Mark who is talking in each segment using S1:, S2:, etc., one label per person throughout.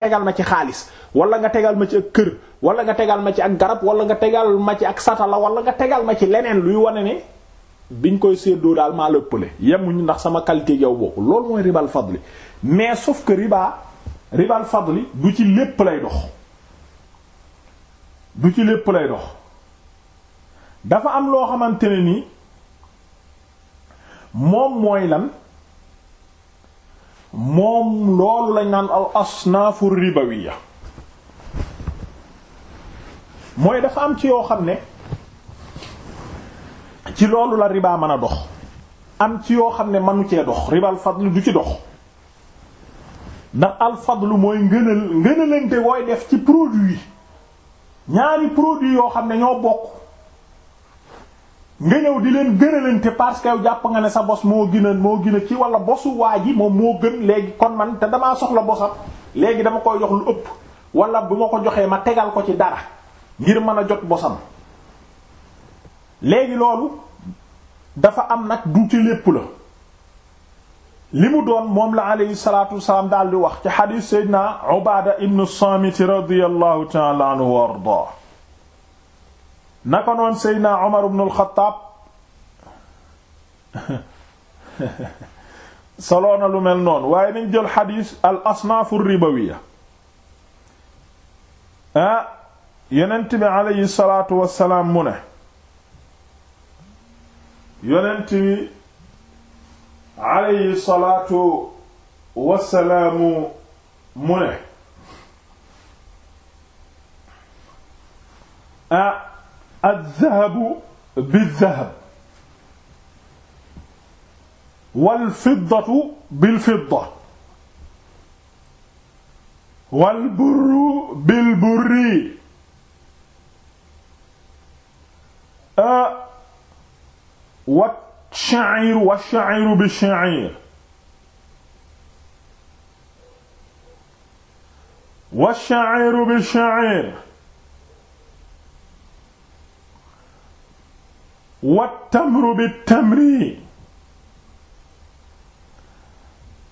S1: tegal ma ci xaalis wala nga tegal ma ci ak kër wala nga tegal ma ci ak garab wala nga tegal ma ci ak satala wala nga tegal ma ci leneen luy wane ne biñ koy séddoo daal maa la ëppale ñu ndax sama qualité yow bokkul lool mooy ribal fadli mais suuf que riba ribal fadli du ci lépp lay dox du ci lépp dox dafa am loo xamante ne ni moom mooy lan moom loolu lañ naan al asnaafu ya mooy dafa am ci yoo xam ne ci loolu la ribaa mën a dox am ci yoo xam ne mënu cee dox ribal fadlu du ci dox ndax al fadlu mooy ngënal ngënalante wooy def ci produit ñaari produit yoo xam ne ñoo bokk nga ñëw di leen gëralante parce que yow jàpp ne sa bos moo gën moo gën ci wala bosu waa ji moom moo gën léegi kon man te damaa soxla bosam léegi dama koy jox lu ëpp wala bu ma ko joxee ma tegal ko ci dara ngir mën a jot bosam léegi loolu dafa am nag du ci lépp la li mu doon moom la aleyhi salaatu wasalaam daal di wax ci xadiis seydina Ubaada ibnu Saamit radiyallahu ta'ala anhu wa ardaa naka noon seydna Umar ibn al-Khattab soloona lu mel noonu waaye nañ jël xadiis al asnaafu ribawiya ah yonent bi aleyhi salaatu wassalaam mu ne yonent bi aleyhi salaatu wassalaamu mu ne ah aldahabu bildahab walfiddatu bilfidda walburru bilburri wachaciru wachaciru bichacir wachaciru bichacir wat tamru bi tamri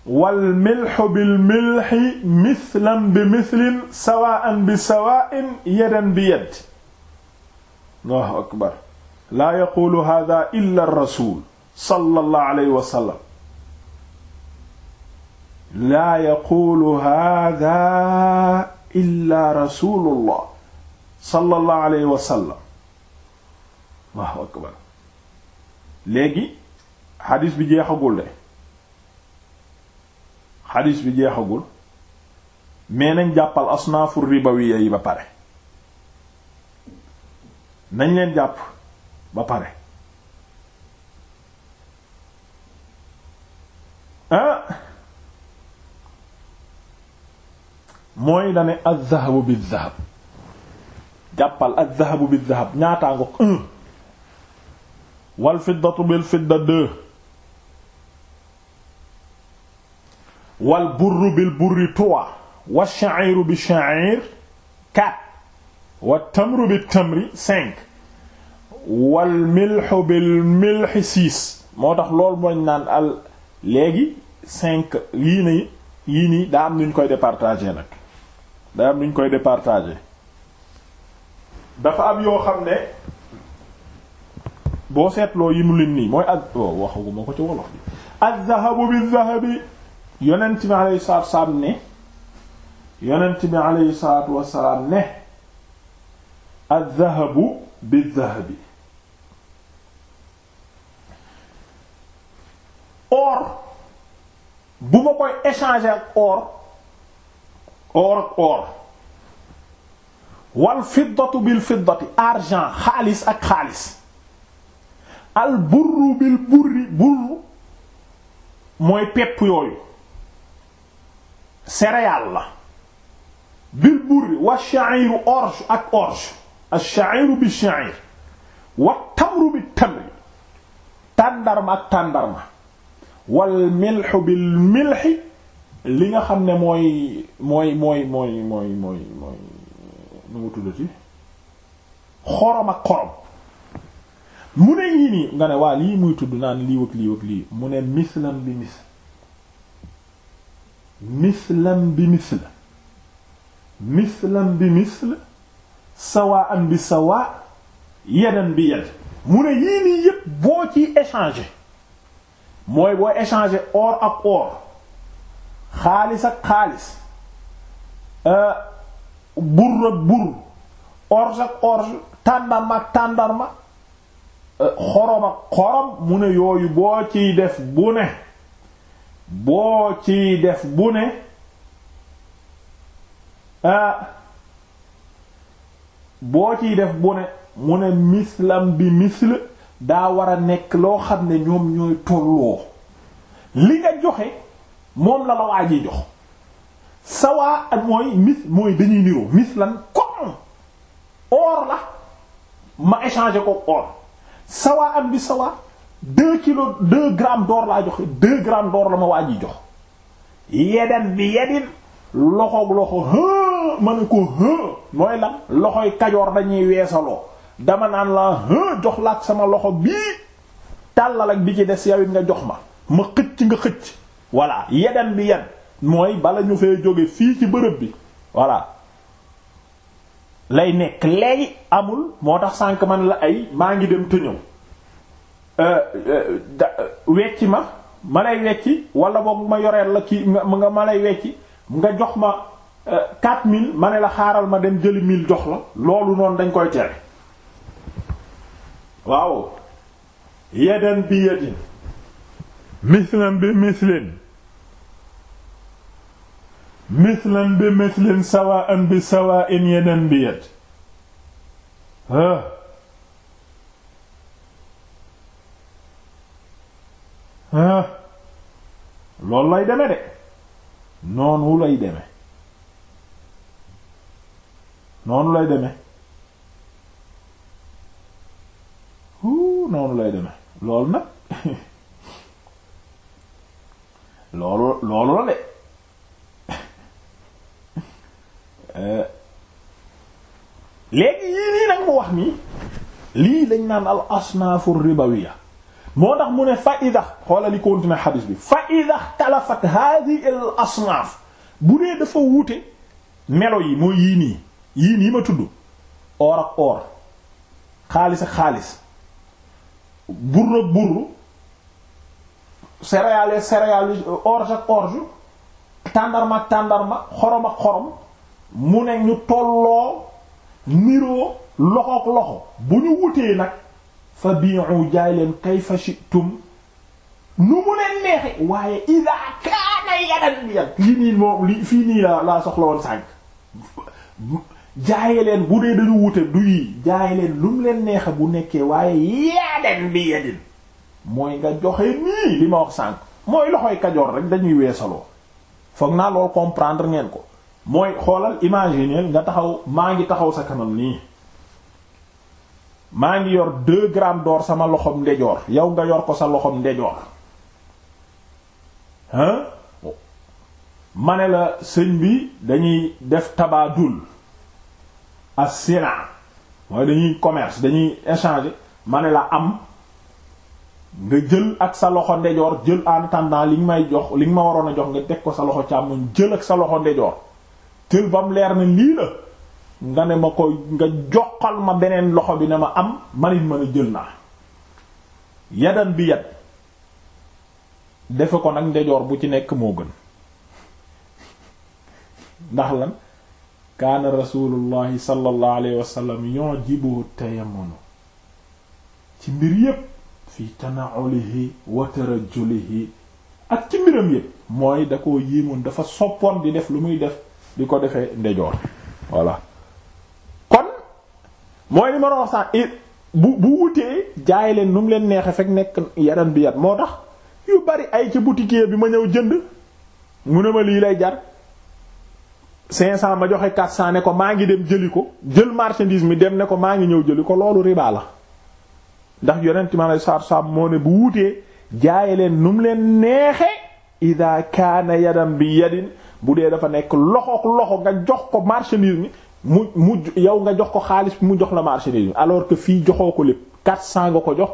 S1: wal milxu bil milxi mislan bi mislin sawaan bi sawain yadan bi yad allahu akbar laa yaquulu hada illa rasul sallallahu alayhi wa sallam laa yaquulu hada illa rasulullah sallallahu alayhi wa sallam waaw akbar léegi xadis bi jeexagul de xadis bi jeexagul mais nañ jàppal asnaafu ribawiya yi ba pare nañ leen jàpp ba pare ah mooy dane al dhahabu bi dhahab jàppal al dhahabu bid dhahab ñaataa wal fiddatu bil fidda deux wal burru bil burri trois wa sha'iru bi sha'ir quatre wa tamru bi tamri cinq wal milxu bil milxi moo tax lool mooñ naan al léegi cinq yii nii yii nii daa am nuñ koy départager nag daa am nuñ koy départager dafa am yoo xam ne boo seetloo yi mu lim nii mooy ak oh, waxaguma ko ci wolof bi az-zahabu biz-zahabi yonent bi ne yonent bi alayhi salaatu wasalaam ne az-zahabu biz-zahabi or bu ma koy échanger or or ak or wal fiddatu bil fiddati argent xaalis ak xaalis al burru bil burri burru mooy pepp yooyu céréale la bil burri wa sha'iru orge ak orge ash-sha'iru bi sha'ir wa tamru bi tamri tàndarma ak tàndarma wal milhu bil milhi li nga xam ne mooy mooy mooy mooy mooy mooy mooy nu mu tuddati xorom ak xorom mu ne yii nii nga ne waa lii muy tudd naan lii wëg lii wëg lii mu ne mislam bi misl mislam bi misl sawaan bi sawaa yadan bi yad mu ne yii nii yépp boo ci échanger mooy boo échanger or ak or xaalis ak xaalis bur ak bur orge ak orge tàndarma ak tàndarma xorom ak xorom mu ne yooyu boo ciy def bu ne boo ciy def bu ne boo ciy def bu ne mu ne mislam bi misl daa war a nekk loo xam ne ñoom ñooy tolloo li nga joxe moom la la waa ji jox sawaa ak mooy mis mooy dañuy niroo mislan comme or la ma échanger ko or sawa am bi sawa deux kilo deux grammes d'or laa joxe deux grammes d'or la ma waa ji jox yeden bi yedin loxoog loxo hë ma ne ko hë mooy lan loxoy kajoor dañuy weesaloo dama naan la hë jox la ak sama loxo bii tàllal ak bi ci des yawit nga jox ma ma xëcc nga xëcc voilà yeden bi yed mooy bala ñu fee jóge fii ci bërëb bi voilà lay nekk léegi amul moo tax sànq man la ay maa ngi dem te euh, euh, euh, wecci ma ma lay wecci wala boobu ma yoreel la kii nga ma lay wecci nga jox ma 4000 ma ne la xaaral ma dem jëli mil jox la loolu noonu dañ koy tere waaw yadan bi yadin mislan bi mislin mithlan bi mithlin sawaan bi sawaain yadan bi yad loolu lay deme de noonu lay deme noonu lay deme noonu lay deme loolu nag loolu loolu la de Euh, léegi yii nag mu wax nii lii lañ naan al asnaafu ribawiya moo tax mu ne fa ida xoola li continué xadis bi fa ida talafat hadi al bu dee dafa wuute melo yi mooy yii nii ma tudd or ak or xaalis ak xaalis burr ak burr céréales céréales orge ak tàndarma tàndarma xorom xorom mu ne ñu tolloo niroo loxook loxo bu ñu wutee nag fa bi'u jaay leen kayfa shi'tum nu mu leen neexe waaye ida kaana yadan bi ak fii nii laa soxla woon sànk jaaye leen bu dee dañu wute du yi jaaye leen lu mu leen neexe bu nekkee waaye yadan bi yadin mooy nga joxe nii li ma wax sànk mooy loxoy kajoor rek dañuy weesaloo foog naa lool comprendre ngeen ko mooy xoolal imaginer nga taxaw maa ngi taxaw sa kanam nii maa ngi yor deux gramme door sama loxom ndejoor yow nga yor ko sa loxom ndejoor hein ma ne la sëñ bi dañuy def tabaadul as-sina mooy dañuy commerce dañuy échanger ma ne la am nga jël ak sa loxo ndejoor jël en attendant li nga may jox li nga ma waroon a jox nga teg ko sa loxo càmmoñ jël ak sa loxo ndejoor tël bam mu leer ne lii la nga ne ma ko nga joxal ma beneen loxo bi ne ma am manit mën a jël naa yadan bi yad defe ko nag ndejoor bu ci nekk moo gën ndax lan kaana rasulullahi sallallahu alayhi wasallam yujibu tayammunu ci mbir yépp fi tanaulihi wa tarajulihi ak ci mbiram yépp mooy da ko yéemoon dafa soppoon bi def lu muy def di ko defee ndejoor voilà kon mooy li ma doon wax bu bu wutee jaay leen nu mu leen neexe fekk nekk yaram bi moo tax bari ay ci boutique bi ma ñëw jënd mu ne ma lii lay jar 500 ma joxe 400 ko maa ngi dem jëli ko jël marchandise mi dem ne ko maa ngi ñëw jëli ko loolu riba ndax yonent ma lay saar moo ne bu wutee jaaye leen nu leen neexe ida kaana yaram bi yadin bu dee dafa nekk loxo loxo nga jox ko marchandise mi mu mu yow nga jox ko xaalis mu jox la marchandise mi alors que fii joxoo ko lépp 400 nga ko jox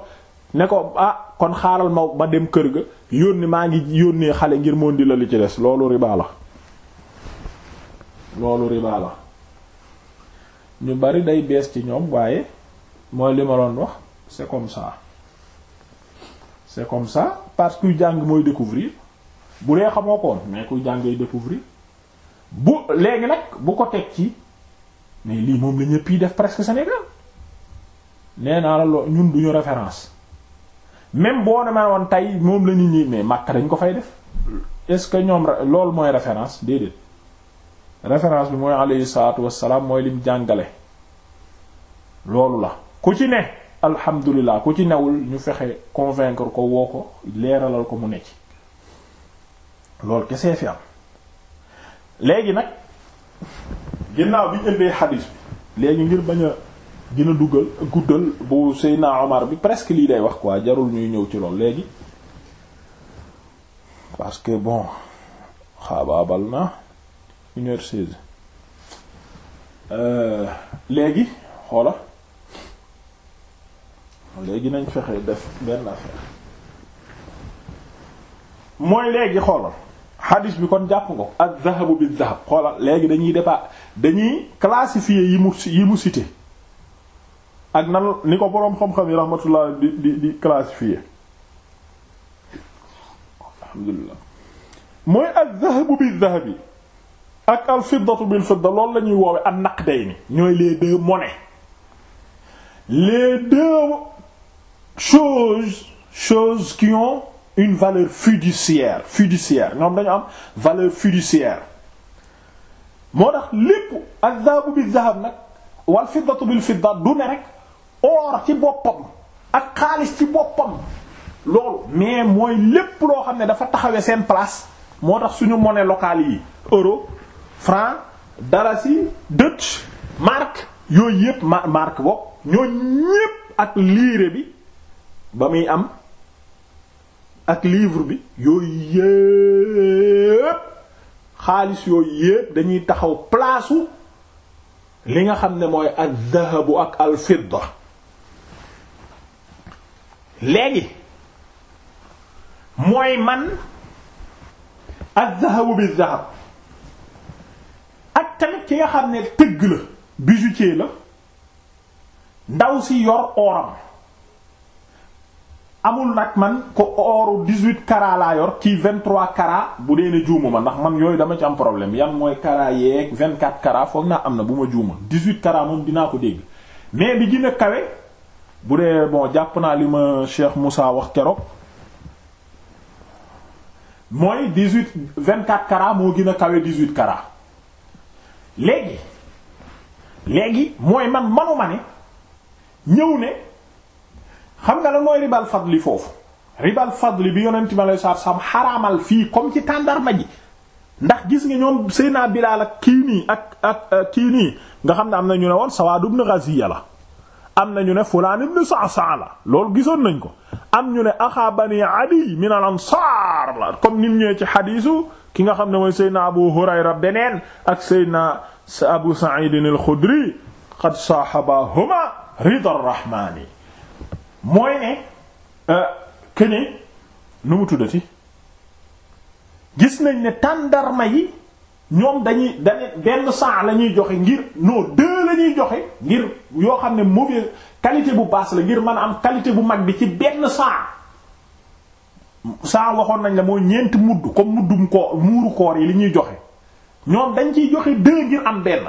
S1: ne ko ah kon xaaral ma ma dem kër ga yónni maa ngi yónnee xale ngir moon di li ci des loolu riba la loolu riba la ñu bari day bees ci ñoom waaye mooy li ma wax c'est comme ça c'est comme ça parce que jàng mooy découvrir bu lee xamoo ko woon mais kuy jàngay découvrir bu léegi nag bu ko teg ci mais lii moom la ñëpp yi def presque Sénégal nee naa la loo ñun duñu référence même boo demee woon tey moom la nit ñi mais Makka dañ ko fay def est-ce que ñoom loolu mooy référence déedéet référence bi mooy alayhi salaatu salaam mooy lim jàngale loolu la ku ci ne alhamdulilah ku ci newul ñu fexe convaincre ko woo ko leeralal ko mu ne ci loolu kesee fi am léegi nag ginnaaw bi ñu indee xadiis bi léegi ngir bañ a gën a dugal guddal bu Seydina Omar bi presque lii day wax quoi jarul ñuy ñëw ci lool léegi parce que bon xaabaabal na euh, léegi xoola léegi nañ fexe def benn affaire mooy léegi xoolal xadis bi kon jàpp ko ak zahabu bi zahab xoolal léegi dañuy dépa dañuy classifier yi mu yi mu cité ak nan ni ko boroom xam-xam yi rahmatullah di di di classifier alhamdulillah mooy al zahabu bi zahabi ak al fiddatu bil fidda lañuy la ñuy woowe an naqdayni ñooy les deux monnaies les deux choses choses qui une valeur fiduciaire fiduciaire ñoom dañu am valeur fiduciaire moo tax lépp ak zahabu bi zahab nag wal fiddatu bil fidda du ne rek or ci boppam ak xaalis ci boppam loolu mais mooy lépp loo xam ne dafa taxawe seen place moo tax suñu monnaie locale yi euro franc dalasi dëcc marque yooyu yépp marque bopp ñoo ñépp ak liire bi ba muy am ak livre bi yooyu yépp xaalis yooyu yépp dañuy taxaw palaasu li nga xam ne mooy al dahabu ak al fidda léegi mooy man al dahabu bi dahab ak tamit ki nga xam ne tëgg la bijoutier la ndaw si yor oram amul nag man ko ooru dix-huit carats laa yor kii vingt-trois carats bu dee ne juumu ma ndax man yooyu dama ci am problème yan mooy carats yeeg vingt-quatre carats foog naa am na bu ma juuma dix-huit carats moom ko dégg mais bi gën a bu dee jàpp naa li Cheikh Moussa wax keroog mooy dix-huit vingt-quatre carats moo gën a kawe dix-huit carats léegi léegi mooy man manu ne ñëw ne xam nga la mooy ribal fadli foofu ribal fadli bi yonent mi aleyhi salaatu salaam xaraamal fii comme ci tàndarma ji ndax gis nga ñoom Seyna Bilaal ak kii nii ak ak kii nii nga xam ne am na ñu ne woon Sawaad ibn Ghaziya am na ñu ne Fulaan ibn Sa'sa'a la loolu gisoon nañ ko am ñu ne axaa Bani Adi min al Ansaar la comme nim ñëwee ci xadiisu ki nga xam ne mooy Seyna Abu Hurayra beneen ak Seyna Abu Sa'id al-Khudri qad sahabahuma rida ar-Rahmani mooy ne euh, que ne nu mu tuddati gis nañ ne tàndarma yi ñoom dañuy dañuy benn saa la ñuy joxe ngir non deux la joxe ngir yoo xam ne mauvaise qualité bu baas la ngir mën a am qualité bu mag bi ci benn saa saa waxoon nañ la mooy ñeenti mudd ko muddum ko muuru koor yi li ñuy joxe ñoom dañ ciy joxe deux ngir am benn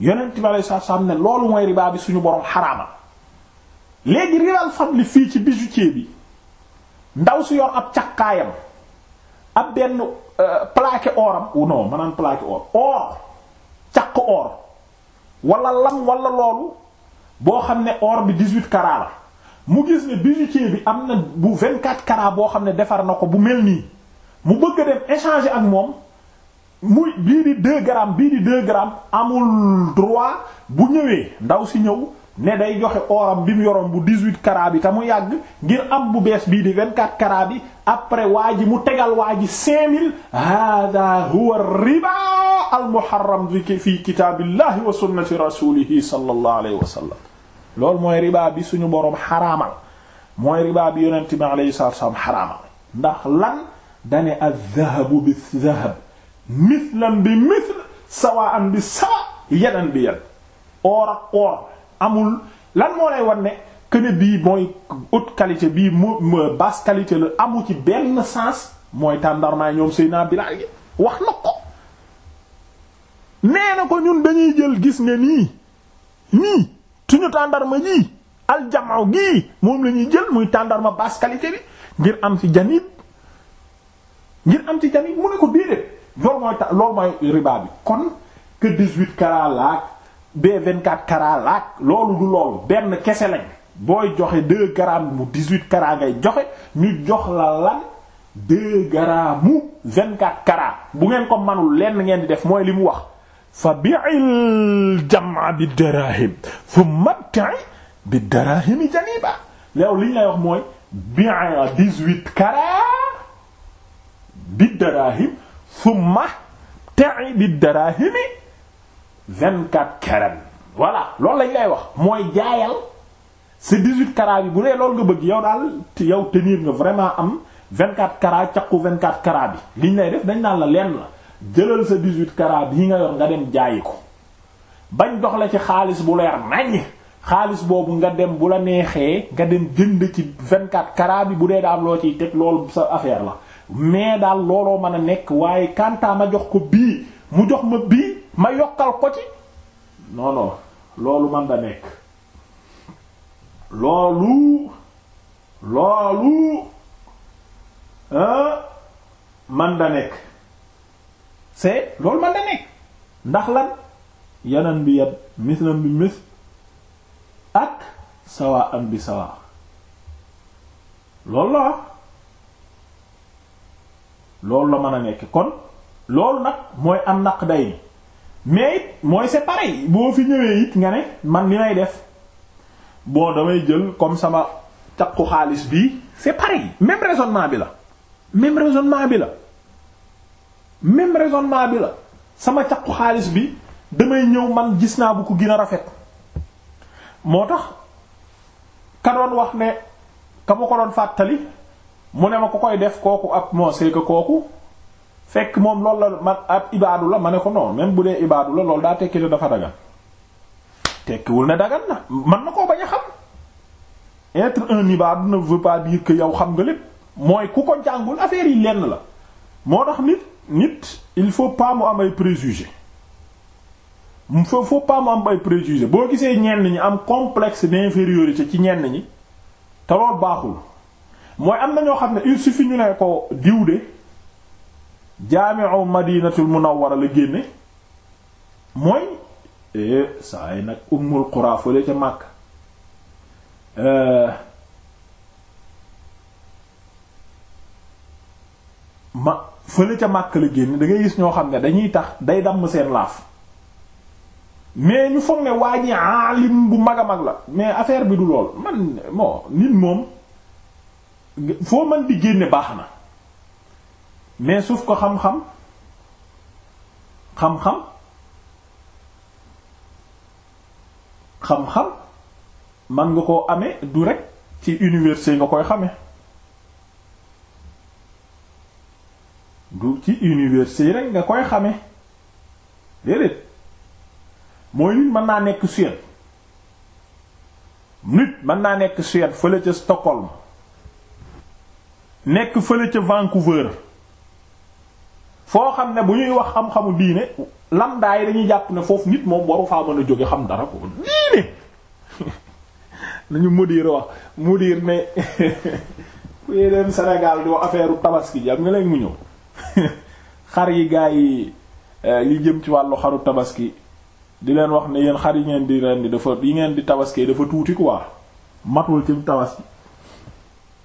S1: yonent bi sallallahu alayhi wasallam ne loolu mooy riba bi suñu borom xaraama léegi riral fadli fii ci bijoutier bi ndaw si yor ab caqaayam ab benn euh, plaqué oram ou non maanaam plaqué or or caq or walla lam walla loolu boo xam ne or bi 18 carats la mu gis ne bijoutier bi am na bu vingt 24 carats boo xam ne defar na ko bu mel nii mu bëgg a dem échanger ak moom muy bii di 2 grammes bii di 2 amul droit bu ñëwee ndaw si ñëw ne day joxe oram bi mu yoroon bu 18 carats bi te mu yàgg ngir am bu bees bii di 24 carats bi après waa ji mu tegal waa ji 5000 hada huwa riba al muharram fi kitaabillahi wa sunnati rasulihi sallallahu alayhi wa sallam loolu mooy riba bi suñu boroom xaraamal mooy riba bi yonent bi alayhi salaatu wa salaam xaraamal ndax lan dane az-zahabu biz-zahab mithlan bi mithl sawa'an bi sawa' yadan bi yad or ak or amul lan moo lay wan ne këne bii mooy haute qualité bii mu basse qualité la amu ci benn sens mooy tàndarmaay ñoom Seydina Bilaal wax na ko nee na ko ñun dañuy jël gis nga nii nii suñu tàndarma ji aljamaaw gii moom la jël muy tàndarma basse qualité bi ngir am ci janib ngir am ci janib mu ne ko déedéet loolu mooy ta loolu mooy riba bi kon que 18 carats la B24 carats laak loolu du loolu benn kese lañ booy joxe 2 grammes mu 18 carats ngay joxe ñu jox la lan 2 grammes mu 24 carats bu ngeen ko manul lenn ngeen di def mooy li mu wax fa bi'il jam'a bi darahim fu mabta'i bi darahimi janiba léew wax mooy bi'a 18 carats bi darahim vingt-quatre carats voilà loolu lañ lay wax mooy jaayal sa dix-huit carats bi bu dee lool nga bëgg yow daal yow niir nga vraiment am vingt-quatre carats caqu vingt-quatre carats bi liñ lay def dañ naan la leen la jëlal sa dix-huit carats bi nga yor nga dem jaayi ko bañ dox la ci xaalis bu leer naññ xaalis boobu nga dem bu la neexee nga dem jënd ci vingt-quatre carats bi bu dee daal loo ciy teg loolu sa affaire la mais daal looloo mën a nekk waaye kantaa ma jox ko bii mu jox ma bii ma yokkal ko ci non loolu man da nekk loolu loolu man da nekk c'est loolu man da nekk ndax lan yanan bi yat mislan bi mis ak sawa am bi sawa loolu la loolu la mën a nekk kon loolu nag mooy am naq day mais it mooy c'est pareil boo fi ñëwee it nga ne man ni may def boo damay jël comme sama caqu xaalis bii c'est pareil même raisonnement bi la même raisonnement bi la même raisonnement bi la sama caqu xaalis bi damay ñëw man gis naa bu ko gin a rafet moo tax ka doon wax ne ka ma ko doon fàttali mu ne ma ko koy def kooku ak moo c'est kooku fekk moom loolu la man ab ibaadu la ma ne ko non même bu dee ibaadu la loolu daa tekki ne dafa dagan tekkiwul ne dagan na man na koo bañ a xam être un ibaadu ne veut pas dire yow xam nga lépp mooy ku ko jàngul affaire yi lenn la moo tax nit nit il faut pas mu am ay préjugés foofu faut pas mu am ay préjugés boo gisee ñenn ñi am complexe d'infériorité ci ñenn ñi te loolu baaxul mooy am na ñoo xam ne il suffit ñu ne ko diw de jaami'u madinatul munawwara la génne mooy e, saa yi nag ummul qura fële ca màkk e, ma fële ca màkk la génne da gis ñoo xam ne dañuy tax day damm seen laaf mais ñu foog ne waa ji aalim bu mag a mag la mais affaire bi du lool man bon nit moom foo mën di génne baax na mais suuf ko xam-xam xam-xam xam-xam man nga koo amee du rek ci université nga koy xamee du ci université rek nga koy xamee déedéet mooy nit mën naa nekk Suède nit mën naa nekk Suède fële ca Stockholm nekk fële ca Vancouver foo xam ne bu ñuy wax xam-xamu diine lamdaa yi dañuy jàpp ne foofu nit moom waru faa mën a jóge xam dara ko diine nañu mudir wax mudir ne kuy dem senegal di wax affaire tabaski ji am nga léegi mu ñëw xar yi gaa yi li eh, jëm ci wàllu xaru tabaski di leen wax ne yéen xar yi ngeen di rendi dafa yi ngeen di tabaski dafa tuuti quoi matul ci tabaski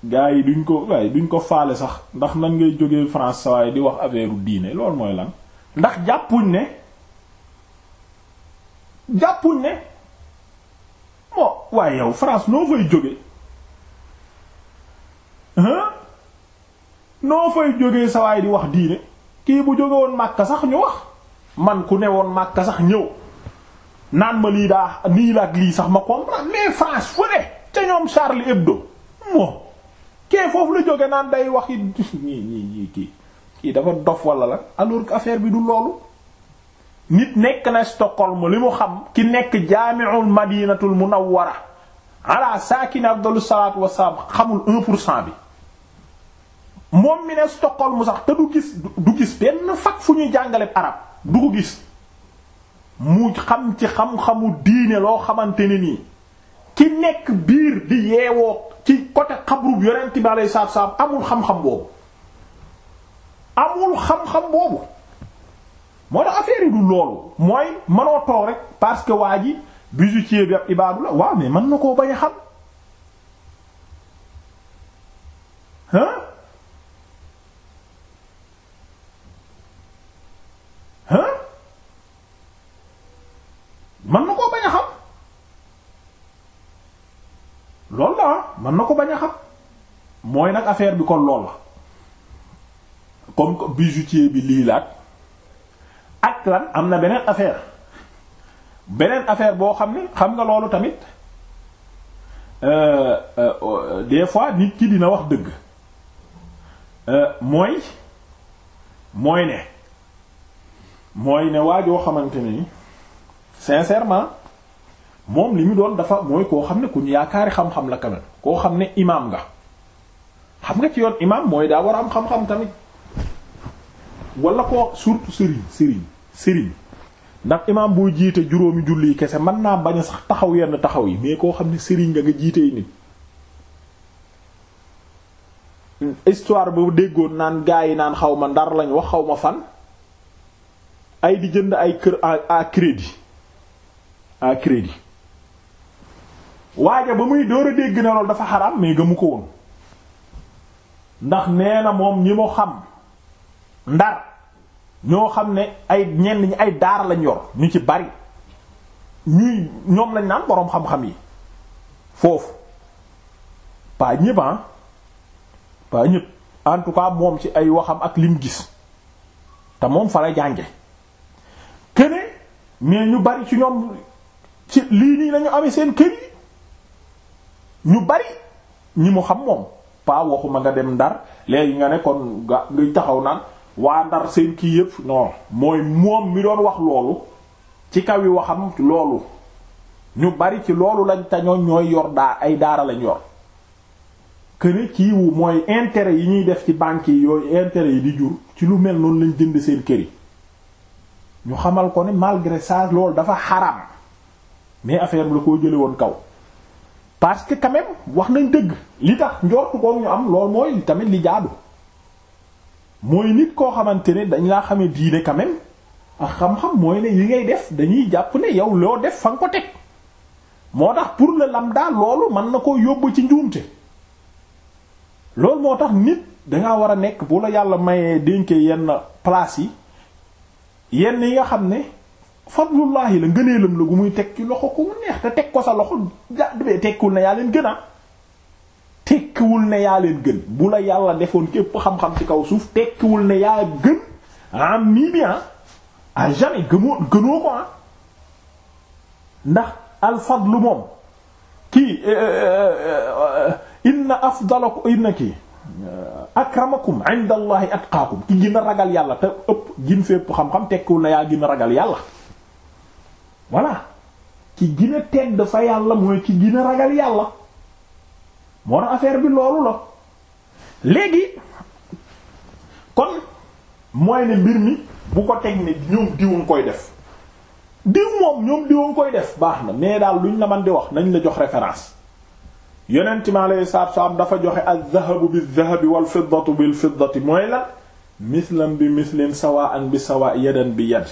S1: gars yi duñ ko waaye duñ ko faale sax ndax nan ngay jógee France sawaay di wax affaire diine loolu mooy lan ndax jàppuñ ne jàppuñ ne bon waaye yow France noo fay jóge hein noo fay jógee sawaay di wax diine kii bu jógewoon woon sax ñu wax man ku ne woon Makka sax ñëw naan ma lii daa nii la lii sax ma comprendre mais France fu ne ca ñoom Charlie Hebdo moo kee foofu la jóge naan day wax ñii ñii kii dafa dof wala la alors que affaire bi du loolu nit nekk na Stockholm li mu xam ki nekk jaami'ul madinatul munawwara ala saakini afdalu salaatu wassalaam xamul un pour cent bi moom mi ne Stockholm sax te du gis du gis benn fag fu ñuy jàngale arab du ko gis mu xam ci xam-xamu diine loo xamante ne nii ki nekk biir di yeewoo ci côté xabrub yonent bi alayhi salaatu salaam amul xam-xam boobu amul xam-xam boobu moo tax affaire yi du loolu mooy mënoo toog rek parce que waa ji bijoutier bi ab ibaadu la waaw mais mën na koo bañ a xam hein man na ko bañ a xam mooy nag affaire bi kon lool la comme que bi lii laaj ak lan am na beneen affaire beneen affaire boo xam ne xam nga loolu tamit euh, euh, euh, des fois nit ki dina wax dëgg mooy mooy ne mooy ne waajoo xamante ni sincèrement moom li mu doon dafa mooy koo xam ne ku ñu yaakaari xam-xam la quand koo xam ne imaam nga xam nga ci yoon imaam mooy daa war am xam-xam tamit wala koo surtout sëriñ sëriñ sëriñ ndax imaam boo jiite juróomi julli kese mën naa bañ sax taxaw yenn taxaw yi mais koo xam ne sëriñ nga nga jiite nit. histoire boobu déggoon naan gaa yi naan xaw ma ndar lañ wax xaw ma fan ay di jënd ay kër à crédit à crédit waaja ba muy door a dégg ne loolu dafa xaraam mais gëmu ko woon ndax nee na moom ñi mu xam ndar ñoo xam ne ay ñenn ñi ay daara lañ yor ñu ci bari ñuy ñoom lañ naan boroom xam-xam yi foofu pas ñëpp ah pas ñëpp tout cas moom ci ay waxam ak lim gis te moom fa la jànge këne mais ñu bari ci ñoom ci lii nii lañu amee seen kër yi ñu bari ñi mu xam moom pa waxuma nga dem ndar léegi nga ne kon nga ngay taxaw naan waa ndar seen kii yëpp non mooy moom mi doon wax loolu ci kaw yi waxam loolu ñu bari ci loolu lañ tañoo ñooy yor daa ay daara lañ yor këne kiiwu mooy intérêt yi ñuy def ci banque yi yooyu intérêt yi di jur ci lu mel noonu lañ jënd seen kër yi ñu xamal ko ne malgré saa loolu dafa xaram mais affaire bi la koo jële woon kaw parce que quand wax nañ dëgg li tax njortu boobu ñu am loolu mooy tamit li jaadu mooy nit koo xamante ne dañ laa xamee diine quand même xam-xam mooy ne yi ngay def dañuy jàpp ne yow loo def fa nga ko teg moo tax pour la le daal loolu mën na koo yóbbu ci njuumte loolu moo tax nit danga war a nekk bu la yàlla mayee dénkee yenn place yi yenn yi nga xam ne fadlullahi la ngëneelam la gu muy teg ci loxo ko mu neex te teg ko sa loxo jàddbee tekkiwul ne yaa leen gën ah tekkiwul ne yaa leen gën bu la yàlla defoon képp xam-xam ci kaw suuf tekkiwul ne yaa gën am mii bi ah à jamais gëmoo gënoo ko ah ndax alfadlu moom kii eh, eh, eh, inna afdalakum inna kii akramakum inda allahi atqaakum ki gën ragal yàlla te ëpp gin fépp xam-xam tekkiwul na yaa gën ragal yàlla voilà ci gën a tedd fa yàlla mooy ci gën a ragal yàlla moo tax affaire bi loolu la léegi kon mooy ne mbir mi bu ko teg ne ñoom diwuñ koy def diw moom ñoom diwuñ koy def baax na mais daal luñ la man di wax nañ la jox référence yonent mi alayhi salaatu salaam dafa joxe az-zahabu biz-zahabi wal-fiddatu bil-fiddati mooy la mislan bi mislin sawa'an bi sawa' yadan bi yad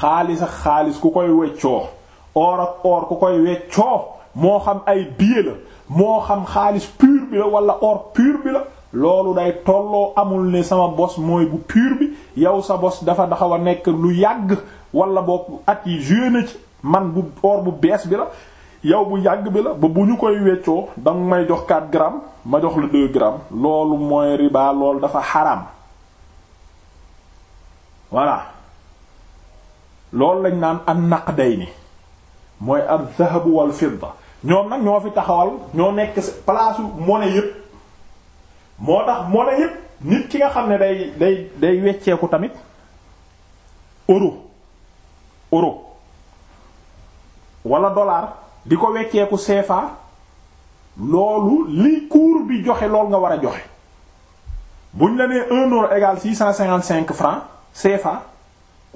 S1: xaalis ak xaalis ku koy weccoo or ak or ku koy weccoo moo xam ay billet la moo xam xaalis pur bi la wala or pur bi la loolu day tolloo amul ne sama bos mooy bu pur bi yow sa bos dafa daxaw a nekk lu yàgg wala boo at yi joué ci man bu or bu bees bi la yow bu yàgg bi la ba bu ñu koy weccoo danga may jox 4 grammes ma jox la 2 grammes loolu mooy riba loolu dafa xaraam voilà loolu lañ naan an naqdayni mooy al dhahab wal fidda ñoom nag ñoo fi taxawal ñoo nekk palaasu monnaie yépp moo tax monnaie yépp nit ki nga xam ne day day day wecceeku tamit euro euro wala dollar di ko wecceeku CFA loolu li cours bi joxe loolu nga war a joxe buñ la nee un euro égal six cent cinquante cinq francs CFA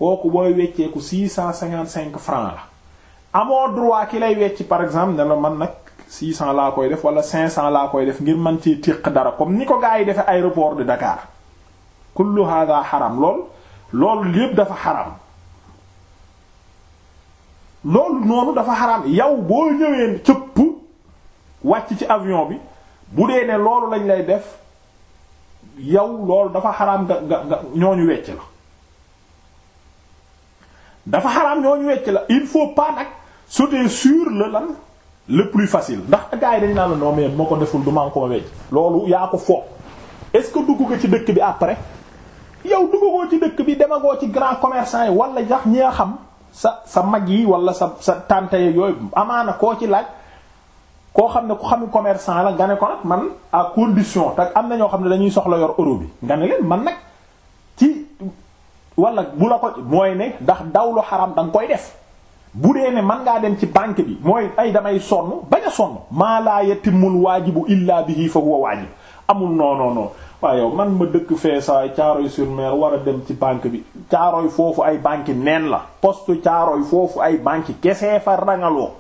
S1: kooku booy wecceeku six cent cinquante cinq francs la amoo droit ki lay wecc par exemple ne man nag six cent laa koy def wala cinq cent laa koy def ngir man ci tiq dara comme ni ko gaa yi defee aéroport de Dakar kullu hada xaram lool loolu lépp dafa xaram loolu noonu dafa xaram yow boo ñëwee cëpp wàcc ci avion bi bu dee ne loolu lañ lay def yow loolu dafa xaram nga nga nga ñooñu wecc la dafa xaraam ñooñu wecc la il faut pas nag sauter sur le lan le plus facile ndax gars yi dañ naan la non mais moo ko deful du man koo wecc loolu yaa ko foog est-ce que dugg nga ci dëkk bi après yow duggagoo ci dëkk bi demagoo ci grand commerçant yi wala sax ñi nga xam sa sa mag yi wala sa sa tante yooyu amaana koo ci laaj koo xam ne ku xami commerçant la nga ne ko nag man à condition te am na ñoo xam ne dañuy soxla yor euro bi nga ne man nag wala bu la ko mooy ne ndax daw lu xaram da koy def bu dee ne man ngaa dem ci banque bi mooy ay damay sonn bañ a sonn maa laa yatimul waajibu illaa bihi fa huwa waajib amul non non non waaye yow man ma dëkk fee saa caaroy sur war a dem ci banque bi caaroy foofu ay banque neen la poste caaroy foofu ay banque kese fa rangaloo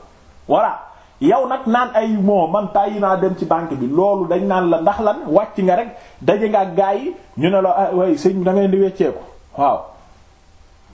S1: voilà yow nag naan ay moo man tàyyi naa dem ci banque bi loolu dañ naan la ndax lan wàcc nga rek daje nga gaa yi ñu ne la ah, da ngay di wecceeku waaw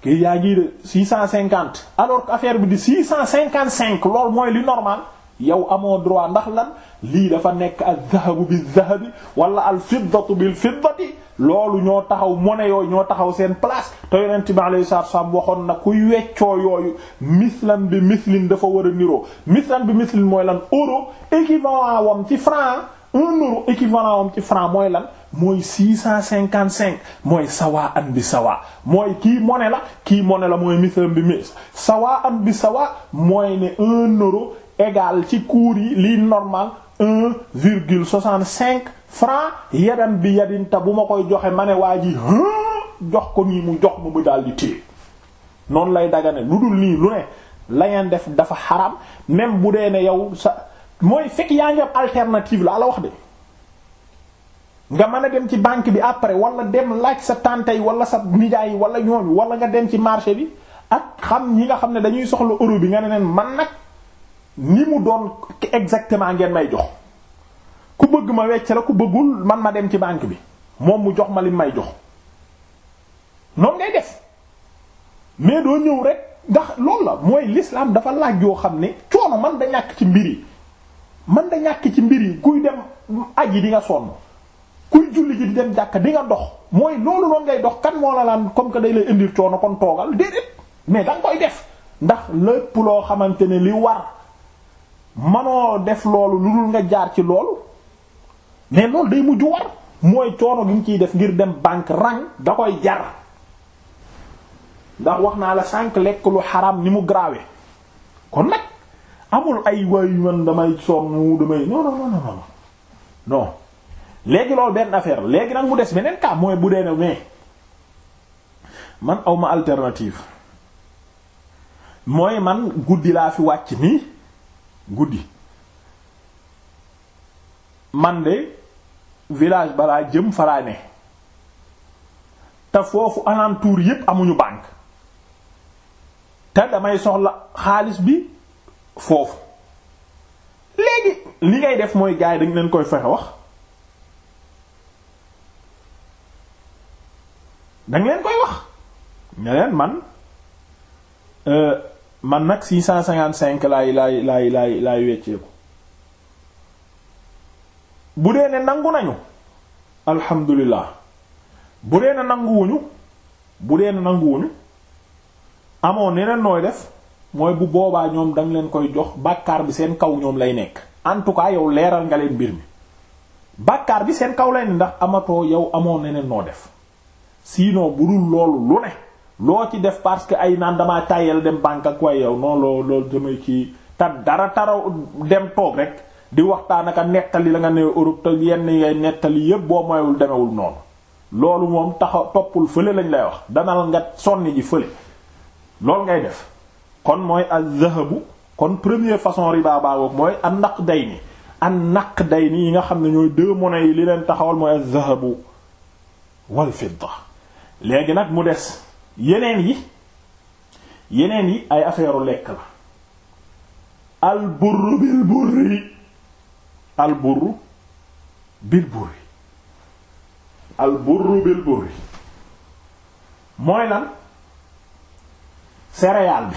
S1: kii yaa ngi six cent cinquante alors que affaire bi di six cent cinquante cinq loolu mooy li normal yow amoo droit ndax lan lii dafa nekk al dhahabu bi dhahabi wala al fiddatu bil fiddati loolu ñoo taxaw monnaie yooyu ñoo taxaw seen place te yonent bi alayhi salaatu wasallam waxoon na kuy weccoo yooyu mislan bi mislin dafa war a niroo mislan bi mislin mooy lan euro équivalent wam ci franc un euro équivalent wam ci franc mooy lan mooy six cent cinquante cinq mooy sawa an bi sawa mooy kii mone la kii monnaie la mooy misam bi mis sawa am bi sawa mooy ne un euro égal ci cours yi lii normal un virgule soixante cinq franc yadan bi yadinta bu ma koy joxe ma ne waa ji jox ko nii mu jox ma mu daal di téye noonu lay dagane lu dul nii lu ne la def dafa xaram même bu dee ne yow sa mooy fekk yaa ngi am alternative la ala wax de nga man a dem ci banque bi après wala dem laaj sa tante yi wala sa nijaay yi wala ñooñu wala nga dem ci marché bi ak xam ñi nga xam ne dañuy soxla euro bi nga ne leen man nag ni mu doon exactement ngeen may jox ku bëgg ma wecc la ku bëggul man ma dem ci banque bi moom mu jox ma li may jox noonu ngay def mais doo ñëw rek ndax loolu la mooy l'islam dafa laaj yoo xam ne coono man da ñàkk ci mbir yi man da ñàkk ci mbir yi kuy dem aji di nga sonn. kuy julli ji di dem jàkk di nga dox mooy loolu noonu ngay dox kan moo la laan comme que day lay indir coono kon toogal déedéet mais da koy def ndax lépp loo xamante ne li war manoo def loolu lu dul nga jaar ci loolu mais loolu day mujj war mooy coono gi nga ciy def ngir dem banque rang da koy jar ndax wax naa la sànq lekk lu xaram ni mu grave kon nag amul ay waay man damay sonn damay non non non léegi loolu benn affaire léegi nag mu des beneen cas mooy bu dee ne man awma alternative mooy man guddi laa fi wàcc nii guddi man de village balaa jëm faraa te foofu alentour yépp amuñu banque te damay soxla xaalis bi foofu léegi li ngay def mooy gaay dañ leen koy fexe wax danga leen koy wax ne leen man euh, man nag six cent cinquante-cinq laay laay laay laay laay bu dee ne nangu nañu alhamdulilah bu dee ne nanguwuñu bu dee ne nanguwuñu amoon neneen nooy def mooy bu boobaa ñoom danga leen koy jox bàkkaar bi seen kaw ñoom lay nekk en tout cas yow leeral nga leen mbir mi bàkkaar bi seen kaw lay ne ndax amatoo yow amoon neneen noo def sinon bu dul loolu lu ne loo ci def parce que ay naan damaa tàyyal dem banque ak waaye yow non loo loolu damay ci ta dara tara dem toog rek di waxtaan ak a nettali la nga ne Europe te yenn ngay nettali yépp boo moywul demewul noonu loolu moom taxa toppul fële lañ lay wax danal nga sonni ji fële loolu ngay def kon mooy az-zahabu kon premier façon riba baagoog mooy an naq day ni an naq day ni yi nga xam ne ñooy deux monnaies yi li leen taxawal mooy az-zahabu léegi nag mu des yeneen yi yeneen yi ay affaire lekk la al burru bil burri al burru bil burri al burru mooy lan céréale bi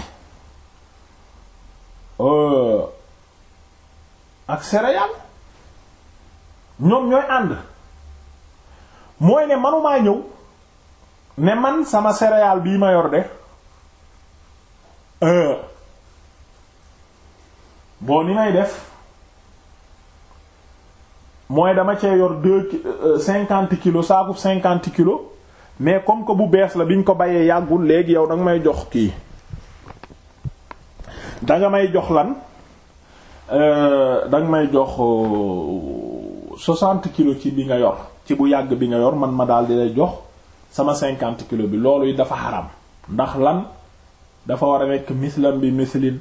S1: euh, ak céréale ñoom ñooy ànd mooy ne manumaa ñëw ne man sama céréale bii ma yor de euh, bon ni may def mooy dama cee yor deux euh, cinquante kilos saakub cinquante kilo mais comme que bu bees la biñ ko bayee yàggul léegi yow danga may jox kii danga may jox lan euh, danga may jox soixante kilos ci bi nga yor ci bu yàgg bi nga yor man ma daal di lay jox sama cinquante kilo bi loolu yi dafa xaram ndax lan dafa war a nekk mislan bi mislin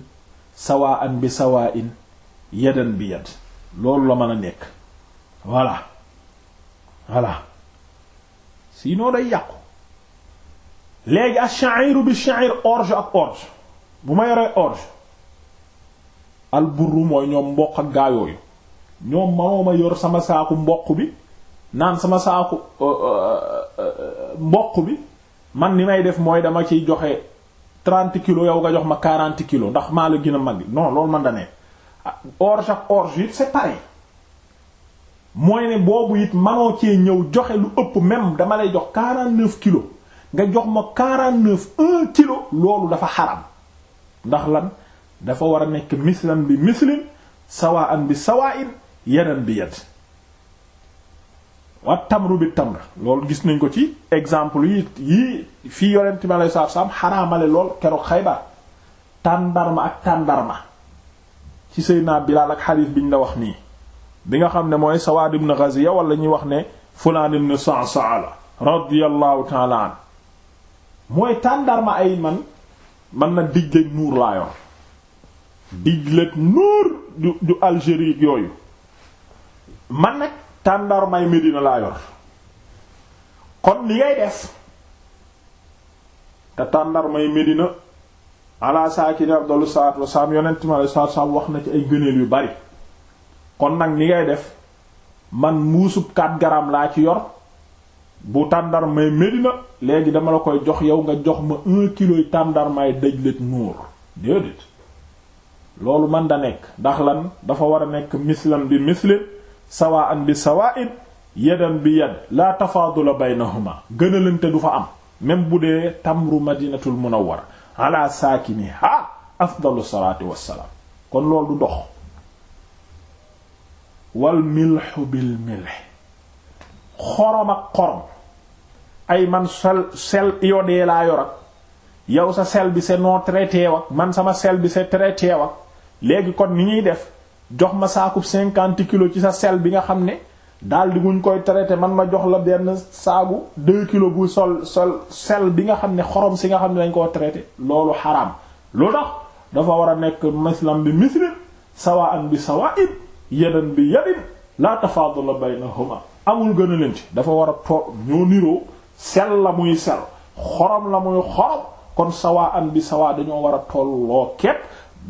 S1: sawaan bi sawain yadan bi yad loolu la mën a nekk voilà voilà sinon day yàqu léegi ash-sha'iru bi-sha'r orge ak orge bu ma yoree orge alburu mooy ñoom mboq ak gaayooyu ñoom manooma yor sama saaku mboq bi naan sama saaku euh, euh, euh, mboq bi man ni may def mooy dama ciy joxe trente kilos yow nga jox ma quarante kilos ndax maa la gën a mag no loolu man da ne ah, orge ak orge it c'est mooy ne boobu it manoo cee ñëw joxe lu ëpp même dama lay jox quarante neuf kilos nga jox ma quarante kilo loolu dafa xaram ndax lan dafa war a nekk mislan bi mislin sawaan bi sawaa'in yadan bi yad wat tamru bi tamr loolu gis nañ ko ci exemple yi yii fii yonent ma alei satu salaam xaraamale lool keroog Xaybar tàndarma ak tàndarma ci Seydina Bilaal ak xadiis biñ la wax nii bi nga xam ne mooy Sawaad ibn Ghaziya wala ñuy wax ne fulaan ibn Sa'sa'a la radiyallahu ta'ala an mooy tàndarma ay man man na digleek nuur laa yor digleek nuur du du Algérie yooyu man nag tàndarmay may Medina laa yor kon li ngay def te tàndar may Medina ala saakini abdolu salaatu wasalaam yonent mi alayhi salaatu wasalaam wax na ci ay gëneel yu bari kon nag li ngay def man muusub 4 grammes laa ci yor bu tàndarmay Medina léegi dama la koy jox yow nga jox ma un kilo yi tàndarmay dëjlet nuur déedéet loolu man da nekk ndax lan dafa war a nekk mislam bi mislim sawaan bi sawaa'in yadan bi yad la tafaadula baynahuma gënalante du fa am même bu dee tamru madinatul munawwara ala saakiniha afdalu salaati wassalaam kon loolu du dox wal milxu bil milx xorom ak xorom ay man sel sel iodee laa yor ak yow sa sel bi c'est non traité man sama sel bi c'est traité léegi kon ni ñuy def jox ma saakub cinquante kilos ci sa sel bi nga xam ne daal di muñ koy traité man ma jox la benn saagu deux kilo bu sol sol sel bi nga xam ne xorom si nga xam ne dañ koo traité loolu xaraam lu tax dafa war a nekk mislam bi sawa sawaan bi sawaa'in yadan bi yadin la tafaadula baynahuma amul gën a leen ci dafa war a toog ñoo niroo sel la muy sel xorom la muy xorom kon sawa am bi sawa dañoo war a tolloo képp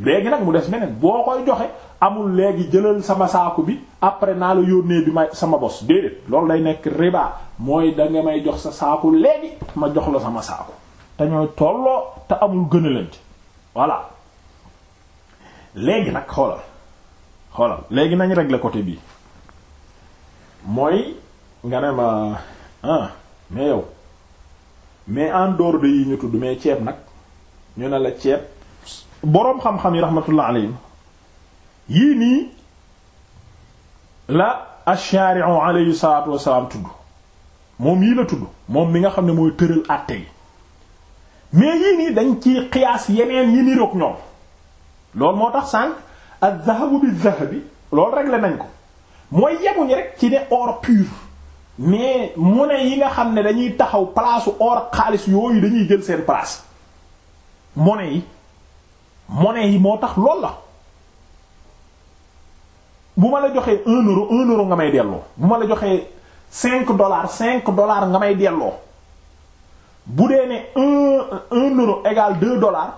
S1: léegi nag mu des meneen boo koy joxe amul léegi jëlal sama saaku bi après naa la yónnee bi may sama bos déedéet loolu day nekk riba mooy danga may jox sa saaku léegi ma jox la sama saaku te ñooy tolloo te amul gënalante voilà léegi nag xoolal xoolal léegi nañ régler côté bii mooy nga ne ma ah mais yow mais en dehors de yi ñu tudd mais ceeb nag ñu ne la ceeb boroom xam-xam yi rahmatullah alayhim yii nii la ash-shari'u alayhi salaatu wassalaam tudd moom yii la tudd moom mi nga xam ne mooy tëral àtte yi mais yii nii dañ ci qiyaas yeneen yi niroog ñoom loolu moo tax sànq az-zahabu biz-zahabi loolu rek la nañ ko mooy yemuñu rek ci ne or pur mais mu yi nga xam ne dañuy taxaw palaasu or xaalis yooyu dañuy jël seen place mone yi monnaie yi moo tax lool la bu ma la joxee un euro un euro nga may delloo bu ma la joxee cinq dollars cinq dollars nga may delloo bu dee ne un un euro égal deux dollars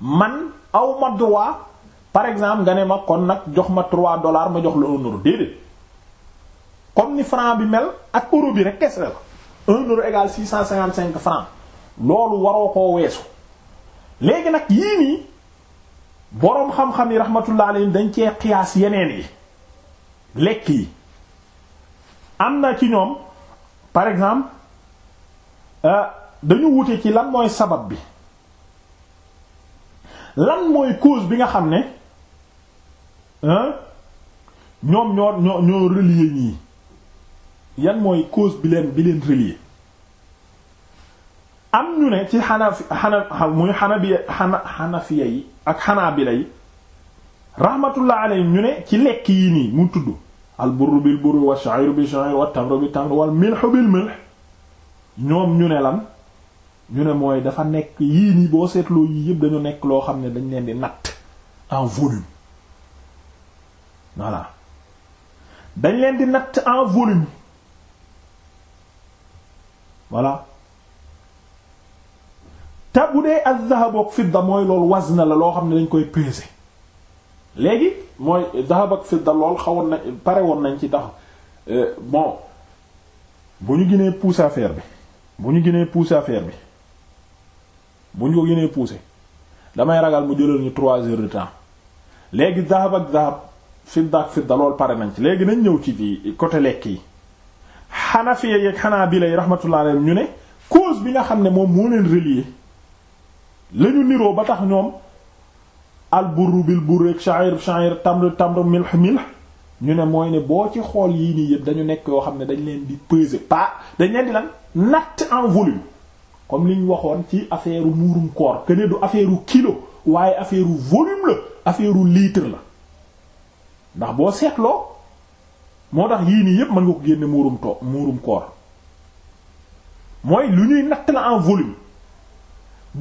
S1: man aw ma droit par exemple nga ne ma kon nag jox ma trois dollars ma jox la un euro déedéet comme ni franc bi mel ak euro bi rek kese la un euro égal six cent cinquante cinq francs loolu waroo koo weesu léegi nag yii nii. boroom xam-xam yi rahmatullah alayhim dañ cee qiyaas yeneen yi lekk yi am na ci ñoom par exemple euh, dañu wute ci lan mooy sabab bi lan mooy cause bi nga xam ne ñoom ñoo ñoo ñoo relier yan mooy cause bi leen bi leen relier am ñu ne ci xanaf xana muy xana xanafiya yi ak xanaabila yi rahmatullah alayhim ñu ne ci lekk yi nii mu tudd al burru bil burri wa sha'iru bi sha'ir wa tamru bi tamr wal milhu bil milh ñoom ñu ne lan ñu ne mooy dafa nekk yii nii boo seetloo yii yëpp dañu nekk loo xam ne dañ leen di natt en volume dañ leen di natt en volume te bu dee az-zahab fit fidda mooy loolu na la loo xam ne dañ koy peser léegi mooy zahab ak fidda lool xawoon na pare woon nañ ci tax euh, bon bu ñu ginee pousser affaire bi bu ñu ginee pousser affaire bi bu ñu ko gënee pousser damay ragal mu jëlal ñu trois heures de temps léegi zahab ak zahab da ak fidda lool pare nañ ci léegi nañ ñëw ci côté lekk yi Hanafiya yeeg Hanabila yi rahmatullah alayhim ñu ne cause bi nga xam ne moom moo leen relier lañu niroo ba tax ñoom al burru bil burr ak sha'ir sha'ir tamr tamr milh milh ñu ne mooy ne boo ci xool yii nii yëpp dañu nekk yoo xam ne dañu leen di peser pas dañ leen di lan natt en volume comme li waxoon ci affaire muurum koor que ne du affaire kilo waaye affaire volume la affaire litre la ndax boo seetloo moo tax yii nii yëpp mën nga ko génne muurum to muurum koor mooy lu ñuy natt la en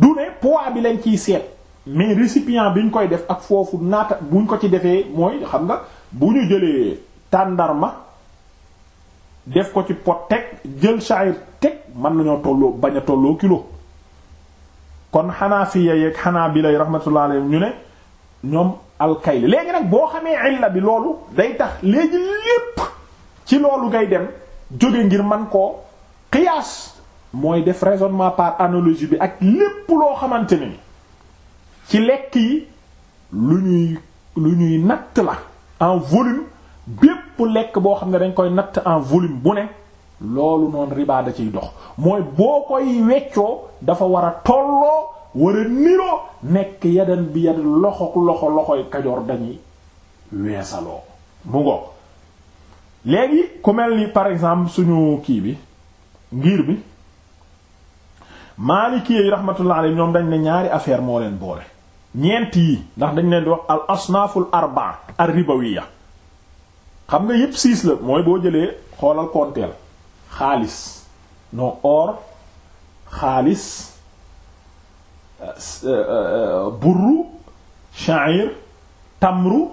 S1: du ne poids bi lañ ciy seet mais récipient bi ñu koy def ak foofu naata buñ ko ci defee mooy xam nga bu ñu jëlee tàndarma def ko ci pot teg jël sha'ir teg mën nañoo tolloo bañ a tolloo kilo kon xanaa Hanafiya yeeg Hanabila rahmatullah alayhim ñu ne ñoom alkayli léegi nag boo xamee illa bi loolu day tax léegi lépp ci loolu ngay dem jóge ngir man koo qiyaas mooy def raisonnement part analogie bi ak lépp loo xamante ne ni ci lekk yi lu ñuy lu ñuy natt la en volume bépp lekk boo xam ne dañ koy natt en volume bu ne loolu noonu riba da ciy dox mooy boo koy weccoo dafa war a tolloo war niroo nekk yadan bi yad loxo loxo loxoy kajoor dañuy weesaloo mu ngoog léegi ku mel ni par exemple suñu kii bi ngiir bi Maliki yi rahmatullah alayhi ñoom dañ ne ñaari affaire moo leen boole ñeent yi ndax dañ leen di wax al asnaaful arba ar ribawiya xam nga yépp siis la mooy boo jëlee xoolal konteel xaalis non or xaalis euh, euh, burru sha'ir tamru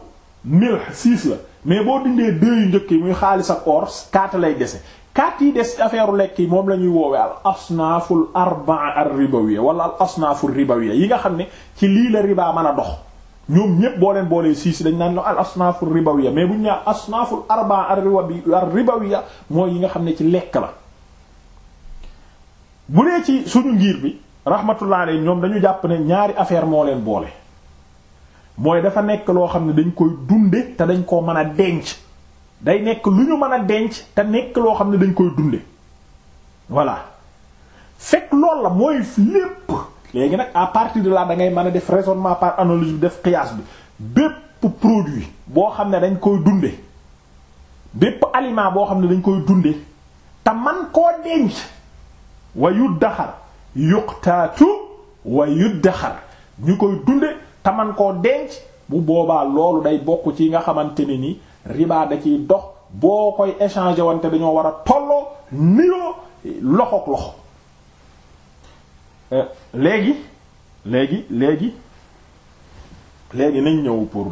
S1: milh siis la mais boo dindee deux yu njëkk yi muy xaalis ak or quatre lay dese kaat yi des affaire lekk yi moom la ñuy woowee al asnaaful arbaa ar ribawiya wala al asnaaful ribawiya yi nga xam ne ci lii la ribaa mën a dox ñoom ñépp boo leen boolee siis dañ naan la al asnaaful ribawiya mais bu ñu naan asnaaful arbaa ar ribawiya mooy yi nga xam ne ci lekk la bu dee ci suñu ngir bi rahmatullah alayhi ñoom dañu jàpp ne ñaari affaire moo leen boole mooy dafa nekk loo xam ne dañ koy dunde te dañ koo mën a denc day nekk lu ñu mën a denc te nekk loo xam ne dañ koy dunde voilà fekk loolu la mooy lépp léegi nag à partir de là da ngay mën a def raisonnement par analogie bi def qiyaas bi bépp produit boo xam ne dañ koy dunde bépp aliment boo xam ne dañ koy dunde te man koo denc wa yuddaxar yuqtaatu wa yuddaxar ñu koy dunde te man koo denc bu boobaa loolu day bokk ci nga xamante ne nii riba da ciy dox boo koy échanger wante dañoo war a tolloo niroo loxook loxo euh, léegi léegi léegi léegi nañ ñëw pour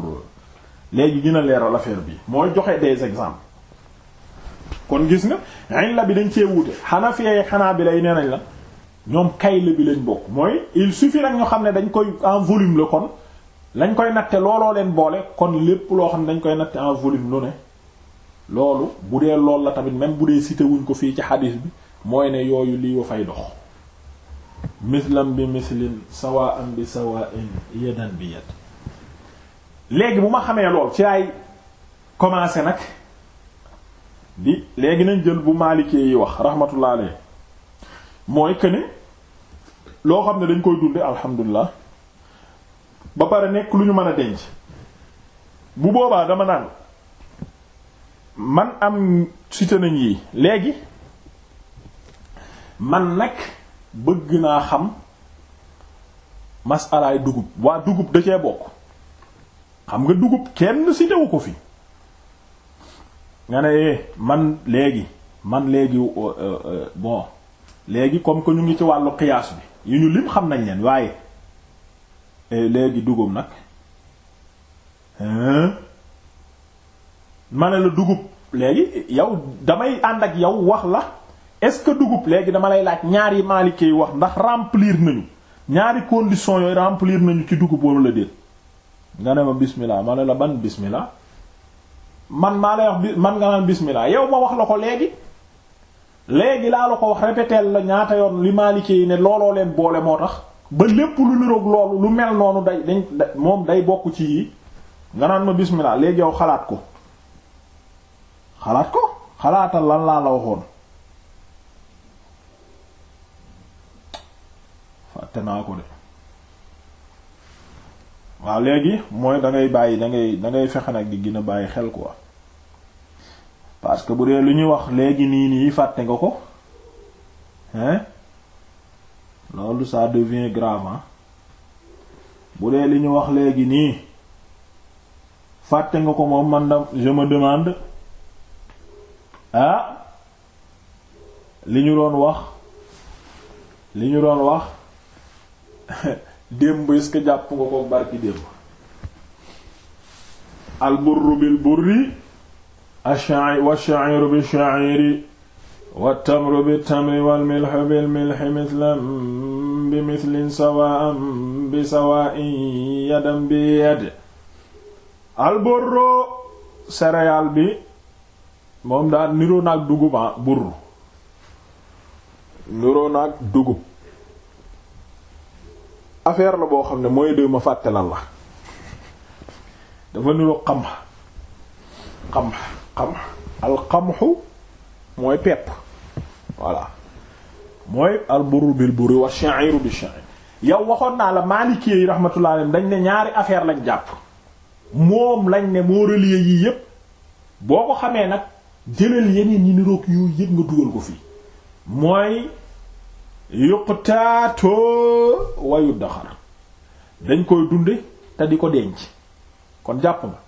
S1: léegi gën a leeral affaire bi mooy joxe des exemples kon gis nga illa bi dañ cee wuute Hanafiya xanaa bi lay nee nañ la ñoom kayla bi lañ bokk mooy il suffit rek ñu xam ne dañ koy en volume la kon lañ koy nag te looloo leen boole kon lépp loo xam ne dañ koy natte en volume lu ne loolu bu dee lool la tamit même bu dee cité wuñ ko fii ci xadis bi mooy ne yooyu lii wa fay dox mislam bi mislin sawaan bi sawa'in yadan bi yad léegi bu ma xamee lool ci ay commencé nag bi léegi nañ jël bu maalikee yi wax rahmatullah alayhi mooy que ne loo xam ne dañ koy dunde alhamdulilah ba pare nekk lu ñu mën a denc bu boobaa dama naan man am cité nañ yi léegi man nag bëgg naa xam masalaay dugub waa dugub da cee bokk xam nga dugub kenn cité wu ko fii nga ne eh, man léegi man léegi euh, euh, bon léegi comme que ñu ngi ci wàllu qiyaas bi yu ñu lim xam nañ leen waaye Eh, léegi dugub nag ma ne la dugub léegi yow damay ànd ak yow wax la est-ce que dugub léegi dama lay laaj ñaari maalikee yi wax ndax remplir nañu ñaari conditions yooyu remplir nañu ci dugub wala la déet nga ne ma bismillah ma la ban bismillah man maa lay wax man nga naan bismillah yow ma wax la ko léegi léegi laa la ko wax répéter la ñaata yoon li maalikee yi ne looloo leen boole moo tax. ba lépp lu lu mel noonu day dañ moom day bokk ci yi nga naan ma bismillah léegi yow xalaat ko xalaat ko xalaatal lan laa la waxoon fàtte naa ko de waaw léegi mooy da bàyyi dangay dangay da fexe nag di gën a bàyyi xel ko parce que bu dee lu ñuy wax léegi nii nii fàtte nga ko hein loolu ça devient grave bu dee li ñu wax léegi nii fàtte nga ko moom man da je me demande ah li ñu doon wax li ñu doon wax démb est-ce jàpp nga ko barki démb al bil burri ash-sha'iru wash-sha'iru bi-sh-sha'iri wattamru bittamri walmilxu bilmilxi mithlan bimithlin sawaan bisawaa'in yadan bi yad alborro céréale bi moom daal niroo naag dugub ah burr niroo naag dugub affaire la boo xam ne mooy déw ma fàtte lan la dafa niroo xam xam xam alxamxu mooy pepp voilà mooy al burru bil burri wa sha'iru yow waxoon naa la maalikee yi rahmatullah alayhim dañ ne ñaari affaire lañ jàpp moom lañ ne moo relier yii yépp boo ko xamee nag jëlal yeneen yi niroog yooyu yépp nga dugal ko fii mooy yuqtaatoo wayu daxar dañ koy dunde te di ko denc kon jàpp nga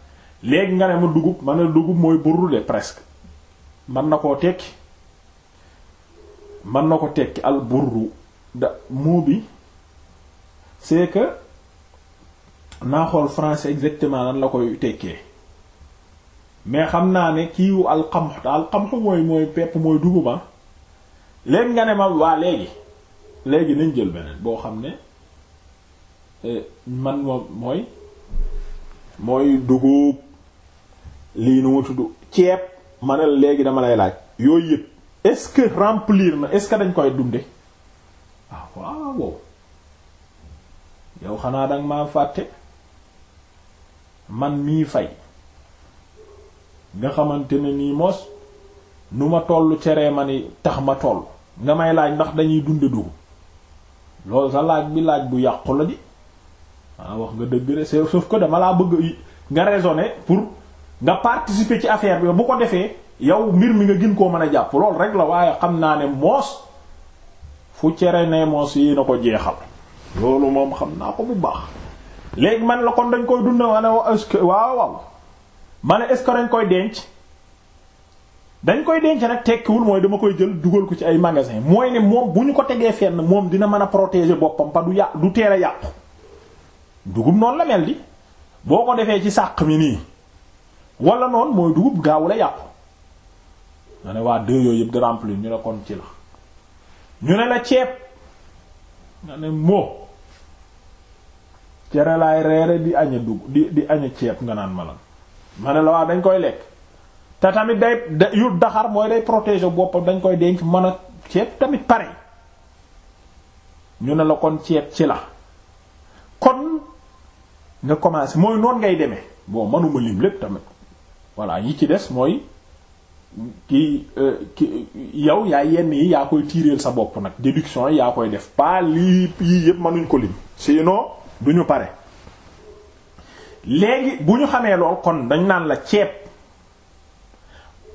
S1: léegi nga ne ma dugub ma ne dugub mooy burru de presque man na koo tekki man na ko tekki al burru da mot bi c'est que naa xool français exactement nan la koy tekkee mais xam naa ne kiiwu alxamx te alxamx mooy mooy pepp mooy duguma ah. léegi nga ne ma waa léegi léegi nañ jël beneen boo xam ne euh, man mooy mooy dugub lii nu ma tudd ceeb ma ne la léegi dama lay laaj yooyu yëpp est-ce que remplir na est-ce que dañ koy dunde ah, waaw yow xanaa danga maa fàtte man mii fay nga xamante ne nii moos nu ma toll cere ma ni tax ma toll nga may laaj ndax dañuy dunde dugub loolu sa laaj bi laaj bu yàqu la di ah wax nga dëgg de sauf que dama laa bëgg nga raisonner pour. nga participer ci affaire bi bu ko defee yow mbir mi nga gin koo mën a jàpp lool rek la waaye xam naa ne moos fu cere ne moos yi na ko jeexal loolu moom xam naa ko bu baax léegi man la kon dañ koy dund ma ne waaw waaw ma ne dañ koy denc dañ koy denc rek tekkiwul mooy dama koy jël dugal ko ci ay magasin mooy ne moom bu ñu ko tegee fenn moom dina mën a protéger boppam pa du yà du teel a yàqu dugub noonu la mel di boo ko defee ci sàq mi nii wala noonu mooy dugub gaaw la yàqu ma ne waa deux yooyu yëpp di remplir ñu ne kon ci la ñu ne la ceeb nga ne moo cere laay reere di aña dugub di di aña ceeb nga naan malan ma ne la waa dañ koy lekk te tamit day yu daxar mooy day protéger boppam dañ koy denc mën a ceeb tamit pare ñu ne la kon ceeb ci la kon nga commencé mooy noon ngay demee bon manuma lim lépp tamit voilà yi ci des mooy ki euh, ki yaa yenn yi yaa koy tiireel sa bopp nag déduction yi yaa koy def pas lii yii yëpp mënuñ ko lim sinon du ñu pare léegi bu ñu xamee lool kon dañ naan la ceeb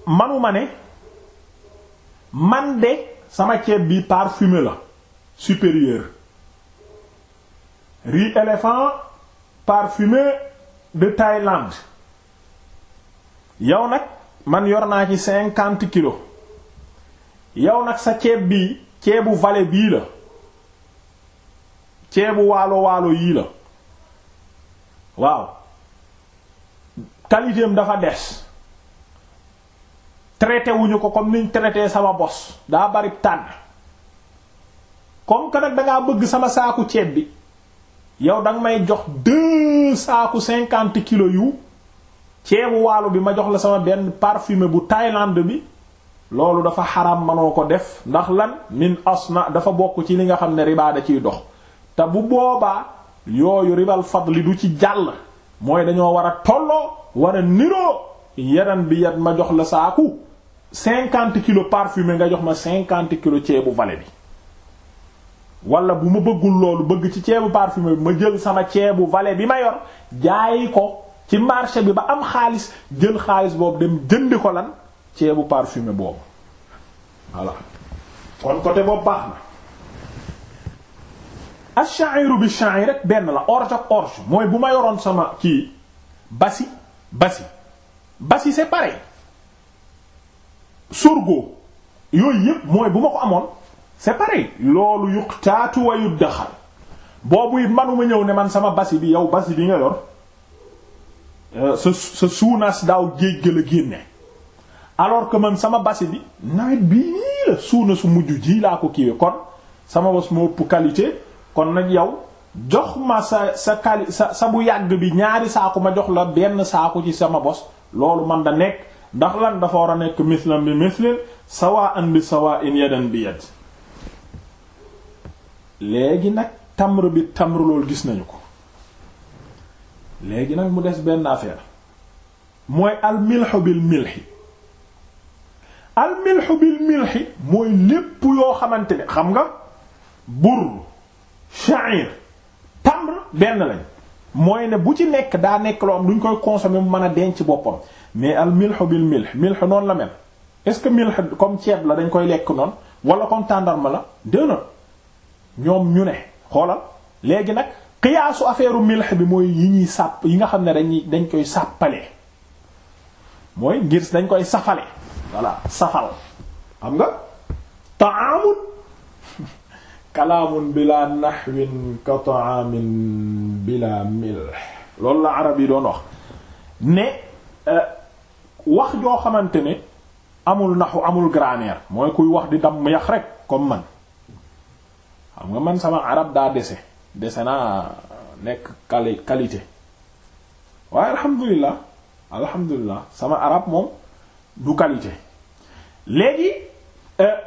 S1: manuma ne man de sama ceeb bi parfumé la supérieur riz éléphant parfumé de Thaïlande yow nag man yor naa ci cinquante kilo yow nag sa ceeb bii ceebu vallée bii la ceebu waalo waalo yii la waaw qualité am dafa des traité wuñu ko comme niñ traité sama bos daa bari tànn comme que nag dangaa bëgg sama saaku ceeb bi yow danga may jox deux saaku cinquante kilo yu ceebu waalo bi ma jox la sama benn parfumé bu Thaïlande bi loolu dafa xaram manoo ko def ndax lan min na dafa bokk ci li nga xam ne ribaa da ciy dox te bu boobaa yooyu ribal fadli du ci jàll mooy dañoo war a tolloo wara a niroo yadan bi yat ma jox la saaku cinquante kilos parfumé nga jox ma cinquante kilos ceebu vallée bi wala bu ma bëggul loolu bëgg ci ceebu parfumé bi ma jël sama ceebu vale bi ma yor jaayi ko ci marché bi ba am xaalis jël xaalis boobu dem jëndi ko lan ceebu parfumé boobu voilà kon côté boobu baax na ash-sha'iru bi-sha'iru rek benn la orge ak orge mooy bu ma yoroon sama ci basi basi basi c'est pareil sorgho yooyu yëpp mooy bu ma ko amoon c'est pareil loolu yuqtaatu wa yuddaxal boobu it manuma ñëw ne man sama basi bi yow basi bi nga yor sa sa suunaas daaw géej gi la génne alors que man sama basi bi nawet bii la suuna su mujj ji laa ko kiiwee kon sama bos moo ëpp qualité kon nag yow jox ma sa sa quali sa sa bu yàgg bi ñaari saako ma jox la benn saako ci sama bos loolu man da nekk ndax lan dafa war a nekk mislan bi mislin sawa'an bi sawa'in yadan bi yad léegi nag tamr bi tamr loolu gis nañu ko léegi nag mu des benn affaire mooy almilxu bil milxi almilxu bil milxi mooy lépp yoo xamante ne xam nga burr sha'ir tamr benn lañ mooy ne bu ci nekk daa nekk loo am duñ koy consommer mu mën a denc boppam mais almilxu bil milx milx noonu la mel est-ce que milx comme ceeb la dañ koy lekk noonu wala comme tàndarma la déna ñoom ñu ne xoolal léegi nag xiyaasu affaire milx bi mooy yi ñuy sàpp yi nga xam ne dañuy dañ koy sàppale mooy ngir dañ koy safale voilà safal xam nga taamun kalaamun bila nahwin ka taamin bila milx loolu la arab yi doon wax ne euh, wax joo xamante ne amul naxu amul grammaire mooy kuy wax di dam yax rek comme man xam nga man sama arab daa dese dese naa nekk quali qualité waaye alhamdulilah alhamdulilah sama arab moom du qualité léegi euh,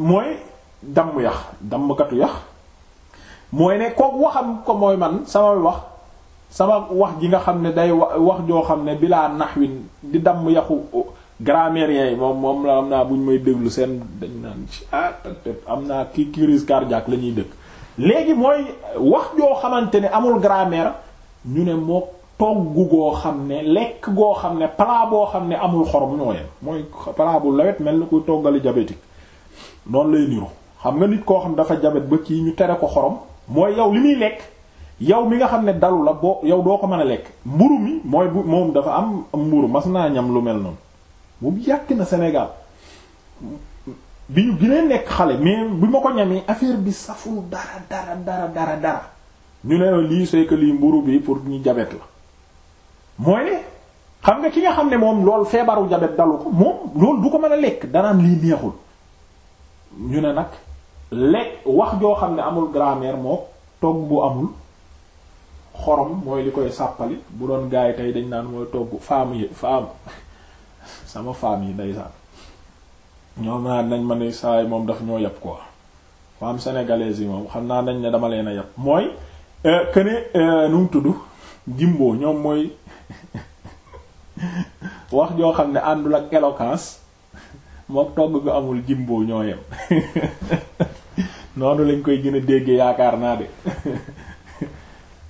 S1: mooy damm yax dammkatu yax mooy ne kook waxam ko mooy man sama wax sama wax ji nga xam ne day wax joo xam ne bilaa wi di damm yaxu grammairien yi moom moom la am naa buñ may déglu seen dañ naan ci ah am naa ki crise cardiaque la ñuy dëkk léegi mooy wax joo xamante ne amul grammaire ñu ne moo togg goo xam ne lekk goo xam ne plat boo xam ne amul xorom ñoo yem mooy plat bu lawet mel ni kuy toggali diabétique noonu lay niru xam nga nit koo xam dafa jabet ba kii ñu tere ko xorom mooy yow li muy lekk yow mi nga xam ne dalu la boo yow doo ko mën a lekk mburu mi mooy bu moom dafa am mburu mas naa ñam lu mel noonu moom yàq na Sénégal bi ñu ginee nekk xale mais bi ma ko ñamee affaire bi saful dara dara dara dara ñu ne lii c'est lii mburu bi pour ñu jabet la mooy ne xam nga ki nga xam ne moom lool feebaru jabet dalu ko moom loolu du ko mën a lekk danaan lii neexul ñu ne nag lekk wax joo xam ne amul grammaire moo togg bu amul xorom mooy li koy sàppali bu doon gaay tey dañ naan mooy togg faam yi faam sama faam yi ndeysaan ñoom naa nañ ma ne saay moom daf ñoo yàpp ko femme sénégalaise yi moom xam naa nañ ne dama leen a yàpp mooy këne euh, euh, nu mu tudd Jimbo ñoom mooy wax joo xam ne àndul ak éloquence mook togg gu amul Jimbo ñoo yem noonu lañ koy gën a déggee yaakaar naa de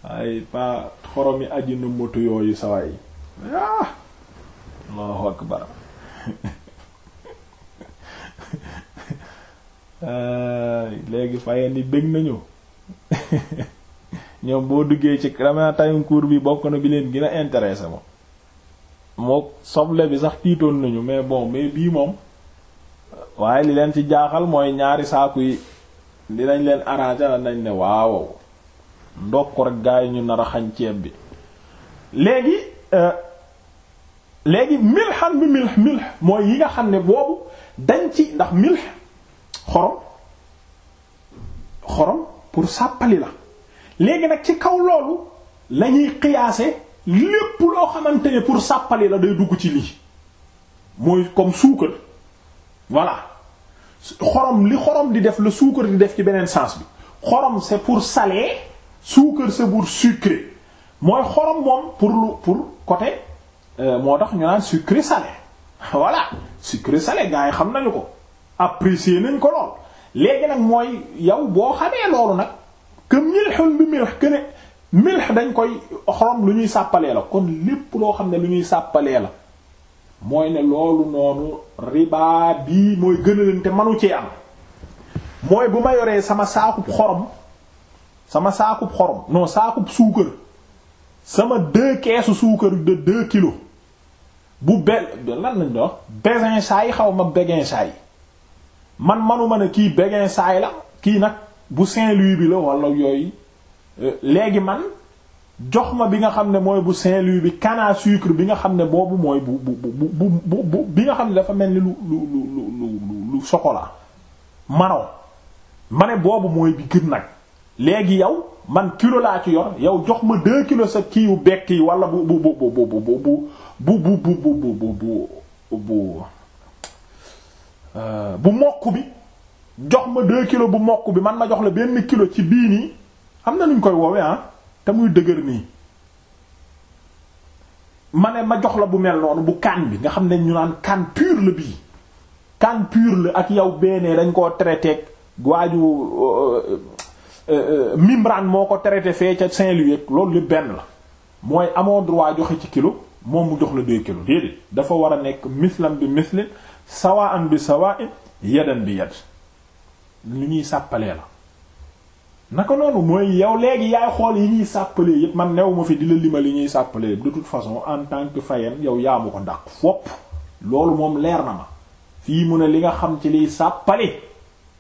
S1: waaye pa xorom yi ajinu motu yooyu sawaay ah Allahu akbar léegi fayeen ni bëgg nañu ñoom boo duggee ci dama time cours bi bokk na bi leen gën a intéressé moo soble bi sax tiitoon nañu mais bon mais bii moom waaye li leen ci jaaxal mooy ñaari saaku yi dinañ leen arrangé la nañ ne waaw ndokk rek gaa yi ñu nar a xañ ceeb bi léegi euh, léegi milxan bi milx milx mooy yi nga xam ne boobu dañ ci ndax milx xorom xorom pour sàppali la léegi nag ci kaw loolu la ñuy qiyaase lépp loo xamante ne pour sàppali la day dugg ci lii mooy comme suukar voilà xorom li xorom di def la suukar di def ci beneen sens bi xorom c'est pour salé suukar c'est pour sucré mooy xorom moom pour lu pour côté euh, moo tax ñu naan sucré salé voilà sucré salé gars yi xam nañu ko apprécier lañ ko lool léegi nag mooy yow boo xamee loolu nag que milxul bi milx que ne dañ koy xorom lu ñuy sàppalee la kon lépp loo xam ne lu ñuy sàppalee la mooy ne loolu noonu riba bii mooy gën a leen manu cee am mooy bu ma yoree sama saakub xorom sama saakub xorom non saakub suukar sama deux keesu suukar de deux kilo bu be lan lañ doon besin saay yi xaw ma begin saa yi man manuma ne kii Béguin saay la kii nag bu Saint-Louis bi la wala yooyu léegi man jox ma bi nga xam ne mooy bu Saint-Louis bi canne à sucre bi nga xam ne boobu mooy bu bu bu bi nga xam ne dafa mel ni lu lu lu lu lu chocolat marron ma ne boobu mooy bi gën nag léegi yow man kilo laa ci yor yow jox ma deux kilos sa kii yu bekk yi wala bu bu bu bu bu bu bu bu bu bu bu bu Euh, bu mokk bi jox ma deux kilos bu mokk bi man ma jox la benn kilo ci bii nii am na nuñ koy woowee ah te muy dëgër nii ma ma jox la bu mel noonu bu kaan bi nga xam ne ñu naan kaan pur la bii kaan pur la ak yow beenee dañ koo traité waaju euh, euh, Mimran moo ko traité fee ca Saint-Louis loolu lépp benn la mooy amoo waa joxe ci kilo moom mu jox la deux kilo déedéet dafa war a nekk mislam bi mislin sawaan bi sawa'in yadan bi yad lu ñuy sàppalee la naka noonu mooy yow léegi yaay xool yi ñuy sàppalee yépp man new ma fi di la lima li ñuy sàppalee yépp de toute façon en tant que fayen yow yaamu ko dàq fopp loolu moom leer na ma fii mu ne li nga xam ci liy sàppali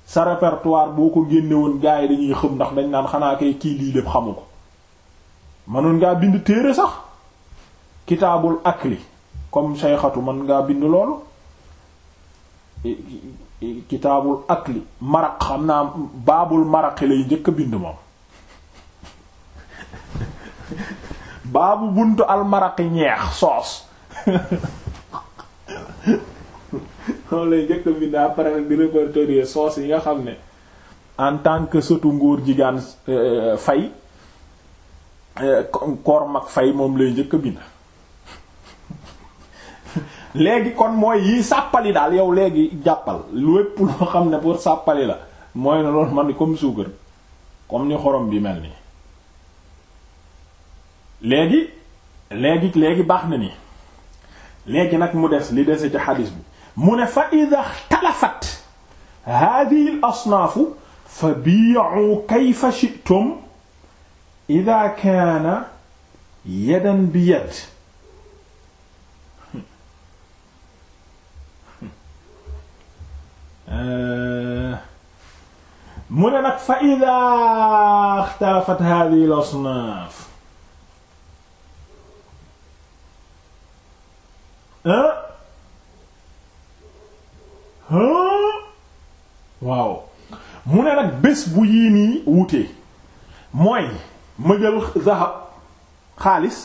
S1: sa répertoire boo ko génnewoon gars yi dañuy xëm ndax dañ naan xanaa kay kii lii lépp xamu ko mënoon ngaa bind téere sax kitaabul akli comme sayxatu man ngaa bind loolu kitaabul akli maraq xam naa baabul maraqi lay njëkk a bind moom baabu buntu almaraqi ñeex soos moom lay njëkk bind après di répertorier soos yi nga xam ne en tant que sëtu nguur jigéen euh, fay euh, kormak fay moom lay njëkk a bind léegi kon mooy yi sàppali daal yow léegi jàppal lépp loo xam ne pour sàppali la mooy ne loolu man comme suukar comme ni xorom bi mel ni léegi léegi léegi baax na ni léegi nag mu des li dese ci xadis bi mu ne fa ida xtalafat hadihi al asnaafu fa bii'u kayfa shi'tum ida kaana yadan bi yad mu ne nag fa idaa ixtalafat hadihi al waaw mu ne nag bés bu yii nii wutee mooy ma jël zahab xaalis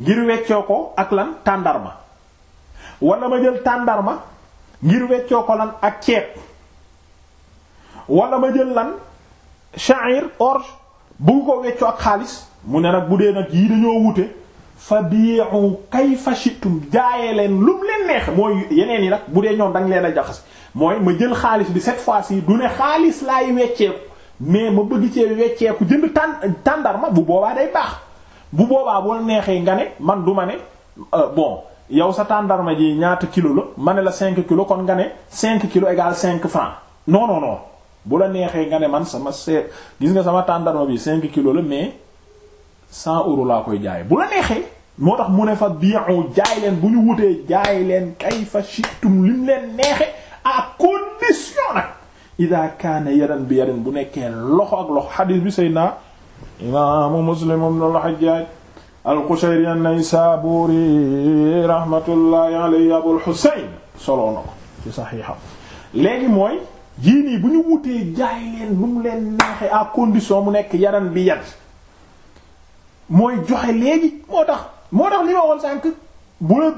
S1: ngir weccoo ko ak lan tàndarma wala ma jël tàndarma ngir weccoo ko lan ak ceeb wala ma jël lan sha'ir orge bugg ko weccoo ak xaalis mu ne nag bu dee nag yii dañoo wute fa bi'u kayfa shi'tum jaayee leen lu leen neex mooy yeneen yi nag bu dee ñoom dañ leen a jaxas mooy ma jël xaalis bi cette fois-ci du ne xaalis laay wecceeku mais ma bëgg cee wecceeku jënd tàn tàndarma bu boobaa day baax bu boobaa boo neexee nga ne man du ma ne euh, bon yow sa tàndarma ji ñaata kilo la ma ne la 5 kilo kon nga ne 5 kilo égal 5 francs non non bu la neexee nga ne man sama seet gis nga sama tàndarma bi 5 kilo la mais 100 euros laa koy jaay bu la neexee moo tax mu ne fa bi'u jaay leen bu ñu wutee jaay leen kayfa shi'tum lim leen neexe à condition nag ida kaana bi yadan bu nekkee loxo ak loxo xadiis bi Seydina imaamu Muslim la al-Hajjaj al-Qushayri an-Naysaburi rahmatullahi Abul Husayn soloo ko ci saxiixam léegi mooy yii nii bu ñu wutee jaay leen nu mu leen neexe à condition mu nekk yaram bi yad mooy joxe léegi moo tax moo tax li ma woon sànq bu la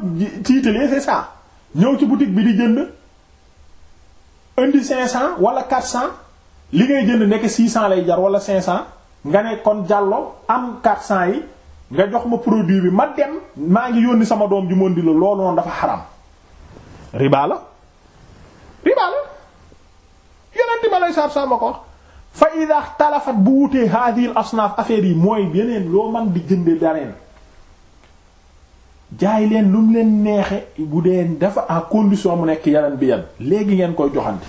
S1: tiitalee c'est ça ñëw ci boutique bi di jënd indi 500 wala 400 li ngay jënd nekk 600 lay jar wala 500 nga ne kon jàlloo am 400 yi nga jox ma produit bi ma dem maa ngi yónni sama doom ji mën di la loolu noonu dafa xaram riba la riba la yonenti ma lay saab saab ko fa ida xtalafat bu wutee hadhihi al asnaaf affaire yi mooy yeneen loo man di jënde dareen jaay leen lu mu leen neexe bu dee dafa en condition mu nekk yanan bi yan léegi ngeen koy joxante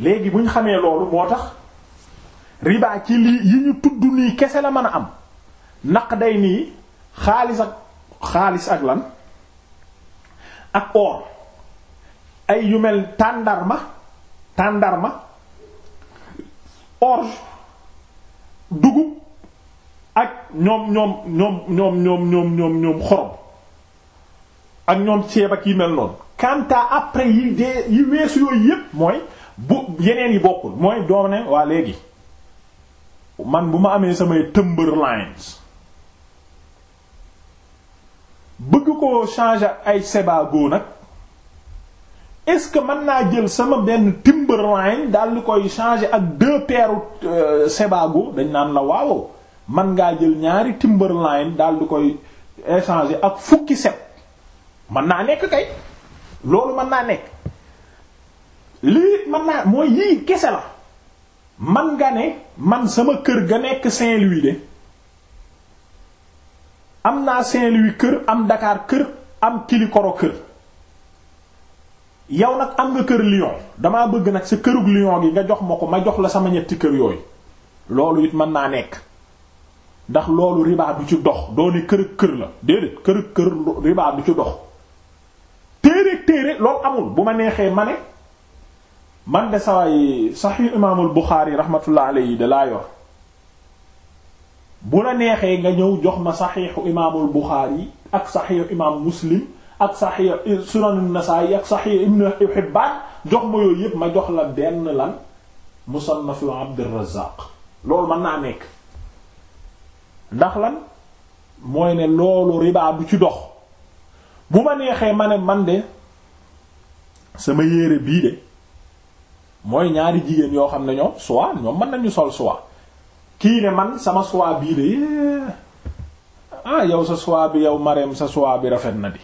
S1: léegi bu ñu xamee loolu moo tax riba ci lii yi ñu tudd nii kese la mën a am naq day nii xaalis ak xaalis ak lan ak or ay yu mel tàndarma tàndarma orge dugub ak ñoom ñoom ñoom ñoom ñoom ñoom ñoom ñoom xorom ak ñoom ceeb ak yi mel noonu quant à après yi dee yi weesu yooyu yépp mooy bu yeneen yi bokkul mooy doom waa léegi man bu ma amee samay tëmbër lines bëgg ko changer ay sebago nag est-ce que mën naa jël sama benn Timberline daal di koy changer ak deux paires euh, sebago dañ naan la waaw man ngaa jël ñaari Timberline daal di koy échanger ak fukki set mën naa nekk kay loolu mën naa nekk lii mën naa mooy yii kese la man nga ne man sama kër ga nekk Saint-Louis de am naa Saint-Louis kër am Dakar kër am Kilikoro kër yow nag am nga kër Lyon damaa bëgg nag sa kërug Lyon gi nga jox ma ko ma jox la sama ñetti kër yooyu loolu it mën naa nekk ndax loolu ribaa du ci dox doo ne kër kër la déedéet kër kër ribaa du ci dox téere téere loolu amul bu ma neexee ma ne man de saway saxi imaamul Buxaari rahmatullah yi da laa yor bu la neexee nga ñëw jox ma saxiixu imaamul Buxaari ak saxiixu imaam Muslim ak saxiix eh, sunanu Nasaa'i ak saxiix ibn Hibbaan jox ma yooyu yépp ma jox la benn lan musannafu Abdurrazaaq loolu mën naa nekk ndax lan mooy ne loolu ribaa bu ci dox bu ma neexee ma ne man de sama yére bii de mooy ñaari jigéen yoo xam ne ñoom soit ñoom mën nañu sol soit kii ne man sama soie bii de ah yow sa soie bi yow Marème sa soie bi rafet na bi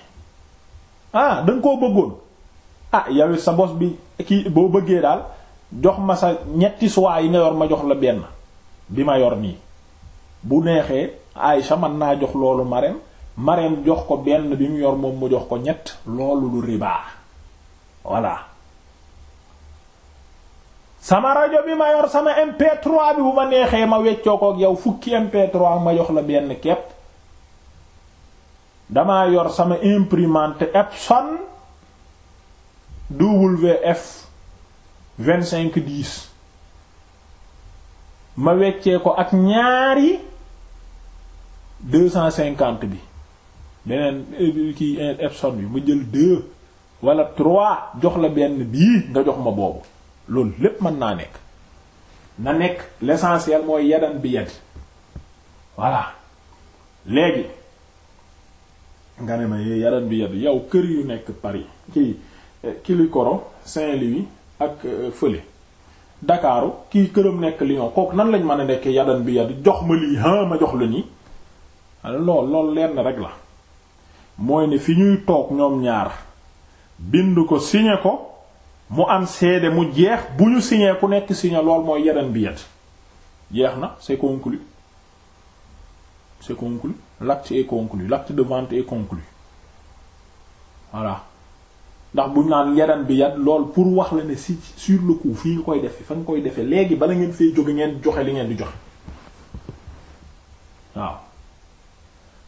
S1: ah da koo bëggoon ah yow sa bos bi kii boo bëggee daal jox ma sa ñetti soie yi nga yor ma jox la benn bi ma yor nii bu neexee Aïcha man naa jox loolu Marème Marème jox ko benn bi mu yor moom mu jox ko ñett loolu lu ribaa voilà sama rajo bi ma yor sama MP3 bu ma neexee ma weccoo ko ak yow fukki MP3 ma jox la benn kepp damaa yor sama imprimante Epson WF 2510 ma weccee ko ak ñaari 250 bi beneen euh, kii euh, Epson bi ma jël deux wala trois jox la benn bii nga jox ma boobu. loolu lépp mën naa nekk na nekk l'essentiel mooy yadan bi yad voilà léegi nga ne ma yee yadan bi yad yow kër yu nekk Paris kii eh, Kilikoro Saint-Louis ak eh, fële Dakaaru kii këram nekk Lyon kooku nan lañ mën a nekk yadan bi yad jox ma lii ha ma jox la nii lool lool lenn rek la mooy ne fi ñuy toog ñoom ñaar bind ko signé ko mu am seede mu jeex bu ñu signé ku nekk signé lool mooy yeneen bi yet jeex na c'est conclu c'est conclu l'acte est conclu l'acte de vente est conclu voilà ndax buñ naan yeneen bi yet lool pour wax la ne si sur le coup fii nga koy defe fa nga koy defee léegi bala ngeen fay jóge ngeen joxe li ngeen di joxe waaw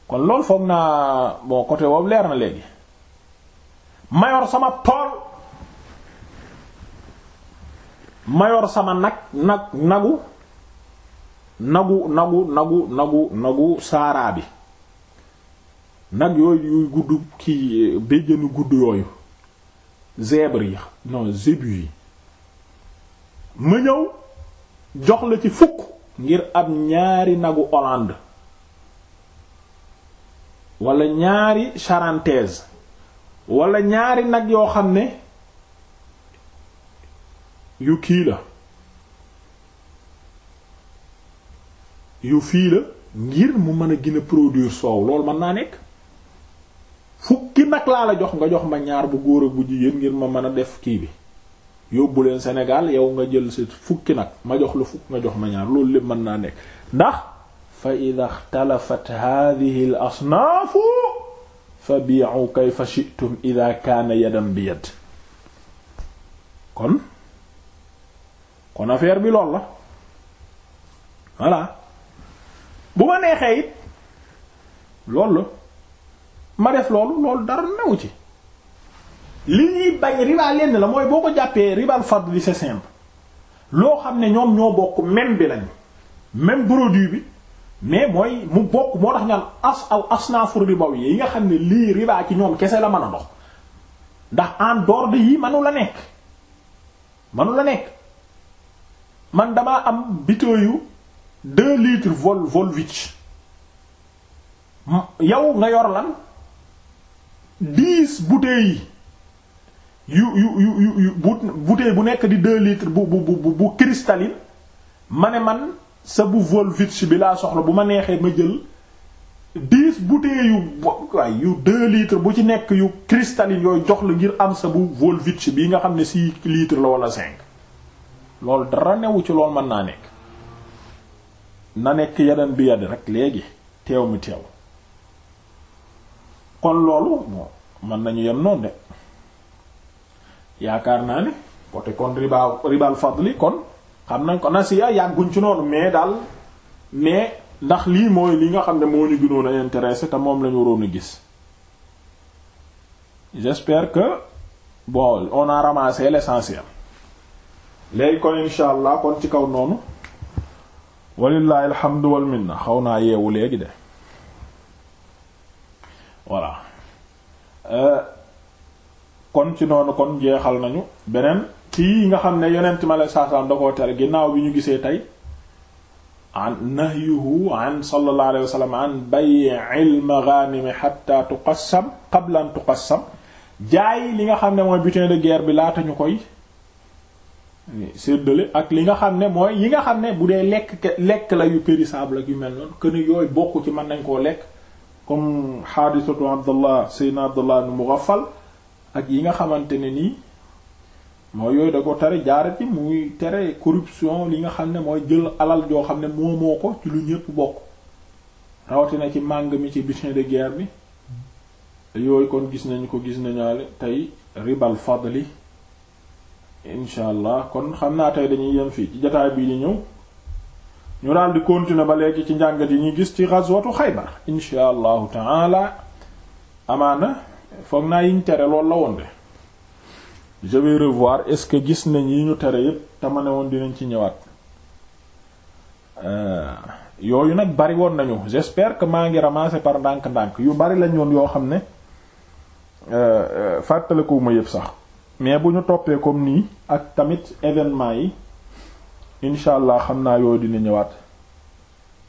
S1: kon loolu foog naa bon côté boobu leer na léegi mayor sama tool mayor sama nag nag nagu nagu nagu nagu nagu nagu saaraa bi nag yooyu yuy gudd ki béjjënu gudd yooyu zèbre yi non zébu yi ma ñëw jox la ci fukk ngir am ñaari nagu Hollande wala ñaari charentaise wala ñaari nag yoo xam ne yu kii la yu fii la ngir mu mën a gën a soow loolu mën naa nekk fukki nag laa la jox nga jox ma ñaar bu góor ak bu jigéen ngir ma mën a def kii bi yóbbu leen Sénégal yow nga jël si fukki nag ma jox la fukk nga jox ma ñaar loolu lépp mën naa nekk ndax fa ida xtalafat hadihi asnaafu fa bi'u kayfa shi'tum ida kaana yadan bi yad kon bi lool la voilà bu ma neexee it loolu la ma def loolu loolu dara new ci li ñuy bañ riba lenn la mooy boo ko jàppee ribal fadl bi c'est loo xam ne ñoom ñoo bokk même bi lañ même produit bi mais mooy mu bokk moo tax ñaan as aw asnaafu ribaw yi nga xam ne lii riba ci ñoom kese la mën a dox ndax en dehors de yi manu la nekk manu la nekk man damaa am yu deux litres vol Volvic yow nga yor lan dix bouteilles yu yu yu yu bouteille bu nekk di deux litres bu bu bu bu ma ne man sa bu Volvic bi laa soxla bu ma neexee ma jël dix bouteilles yu waay yu deux litres bu ci nekk yu cristalline yooyu jox la ngir am sa bu Volvic bi nga xam ne six liitre la wala cinq. loolu dara newu ci loolu mën naa nekk na nekk yadan bi yad rek léegi teew mi teew kon loolu bon mën nañu yem noonu de yaakaar naa ne côté kon riba ribal fadli kon xam nañ ko na nasiya yàgguñ ci noonu mais daal mais ndax lii mooy li nga xam ne moo ñu gënoon a intéressé te moom lañu waroon a gis j'espère que bon on a ramassé léegi kon insha allah kon ci kaw noonu walillahi alhamdu wal minna xaw naa yeewu léegi de voilà euh, kon ci noonu kon jeexal nañu beneen kii nga xam ne yonent ma lay saasaan da koo tere ginnaaw bi ñu gisee tey an nahyuhu an sallallahu alayhi wa sallam an bay'il maghanim hatta tuqassam qabla an tuqassam jaay li nga xam ne mooy butin de guerre bi laata ñu koy séddale ak li nga xam ne mooy yi nga xam ne bu dee lekk lekk la yu périssable ak yu mel noonu que yooyu bokk ci mën nañ koo lekk comme xaadisatu Abdallah Seydina Abdallah ibn Mughaffal ak yi nga xamante ne nii mooy yooyu da ko tere jaare ci muy tere corruption li nga xam ne mooy jël alal joo xam ne moomoo ko ci lu ñépp bokk rawatina ci màng mi ci butin de guerre bi yooyu kon gis nañu ko gis nañu ale tey ribal fadli incha kon xam naa tey dañuy yem fii ci jotaay bii di ñëw ñu daal di continuer ba léegi ci njàngat yi ñu gis ci ghazwatu xaybar incha allahu taala amaana foog naa yiñ tere lool la woon de je revoir est-ce que gis nañ yi ñu tere yépp te ne woon dinañ ci ñëwaat euh, yooyu nag bari woon nañu j'espère que maa ngi ramasser par ndànk-ndànk yu bari lañ woon yoo xam ne euh, euh, fàttalikuwuma yépp sax mais bu ñu toppee comme nii ak tamit événement yi incha allah xam naa yooyu dina ñëwaat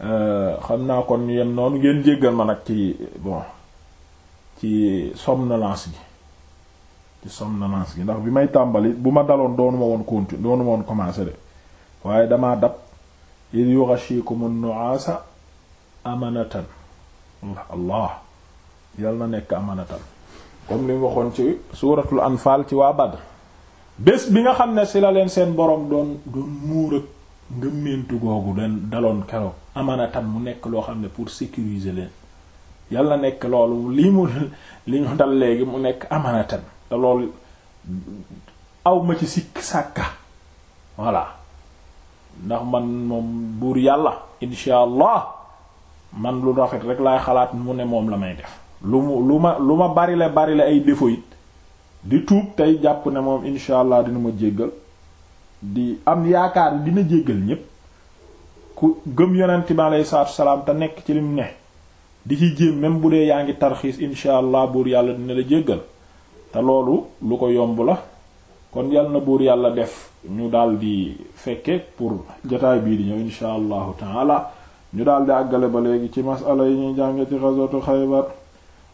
S1: euh, xam naa kon yem noonu ngeen jéggal ma nag ci bon ci somnolence gi ci somnolence gi ndax bi may tàmbali bu ma daloon doonu ma woon continuer doonu ma woon commencer de waaye damaa dab id yughashikum an-nu'asa amanatan allah yal na nekk amanatan comme li waxoon ci suuratul anfaal ci waa Badr bés bi nga xam ne si la leen seen boroom doon muur ak ngëmmentu googu den daloon keroog amanatan mu nekk loo xam ne pour sécuriser leen yàlla nekk loolu lii mu li ñu dal léegi mu nekk amanatan te loolu awma ci sikk sàkka voilà ndax man moom buur yàlla insha allah man lu rafet rek laay xalaat mu ne moom la may def lu mu lu ma lu ma barile barile ay défauts it di tuub tey jàpp ne moom incha allah dina ma jéggal di am yaakaar dina jéggal ñépp ku gëm yonent bi aleyhi salaatu salaam te nekk ci lim ne di ci jéem même bu dee yaa ngi tarxiis incha allah buur yàlla dina la jéggal te loolu lu ko yomb la kon yal na buur yàlla def ñu daldi fekke pour jotaay bii di ñëw incha allahu taala ñu daldi àggale ba léegi ci masala yi ñuy jàngati ghazwatu Xaybar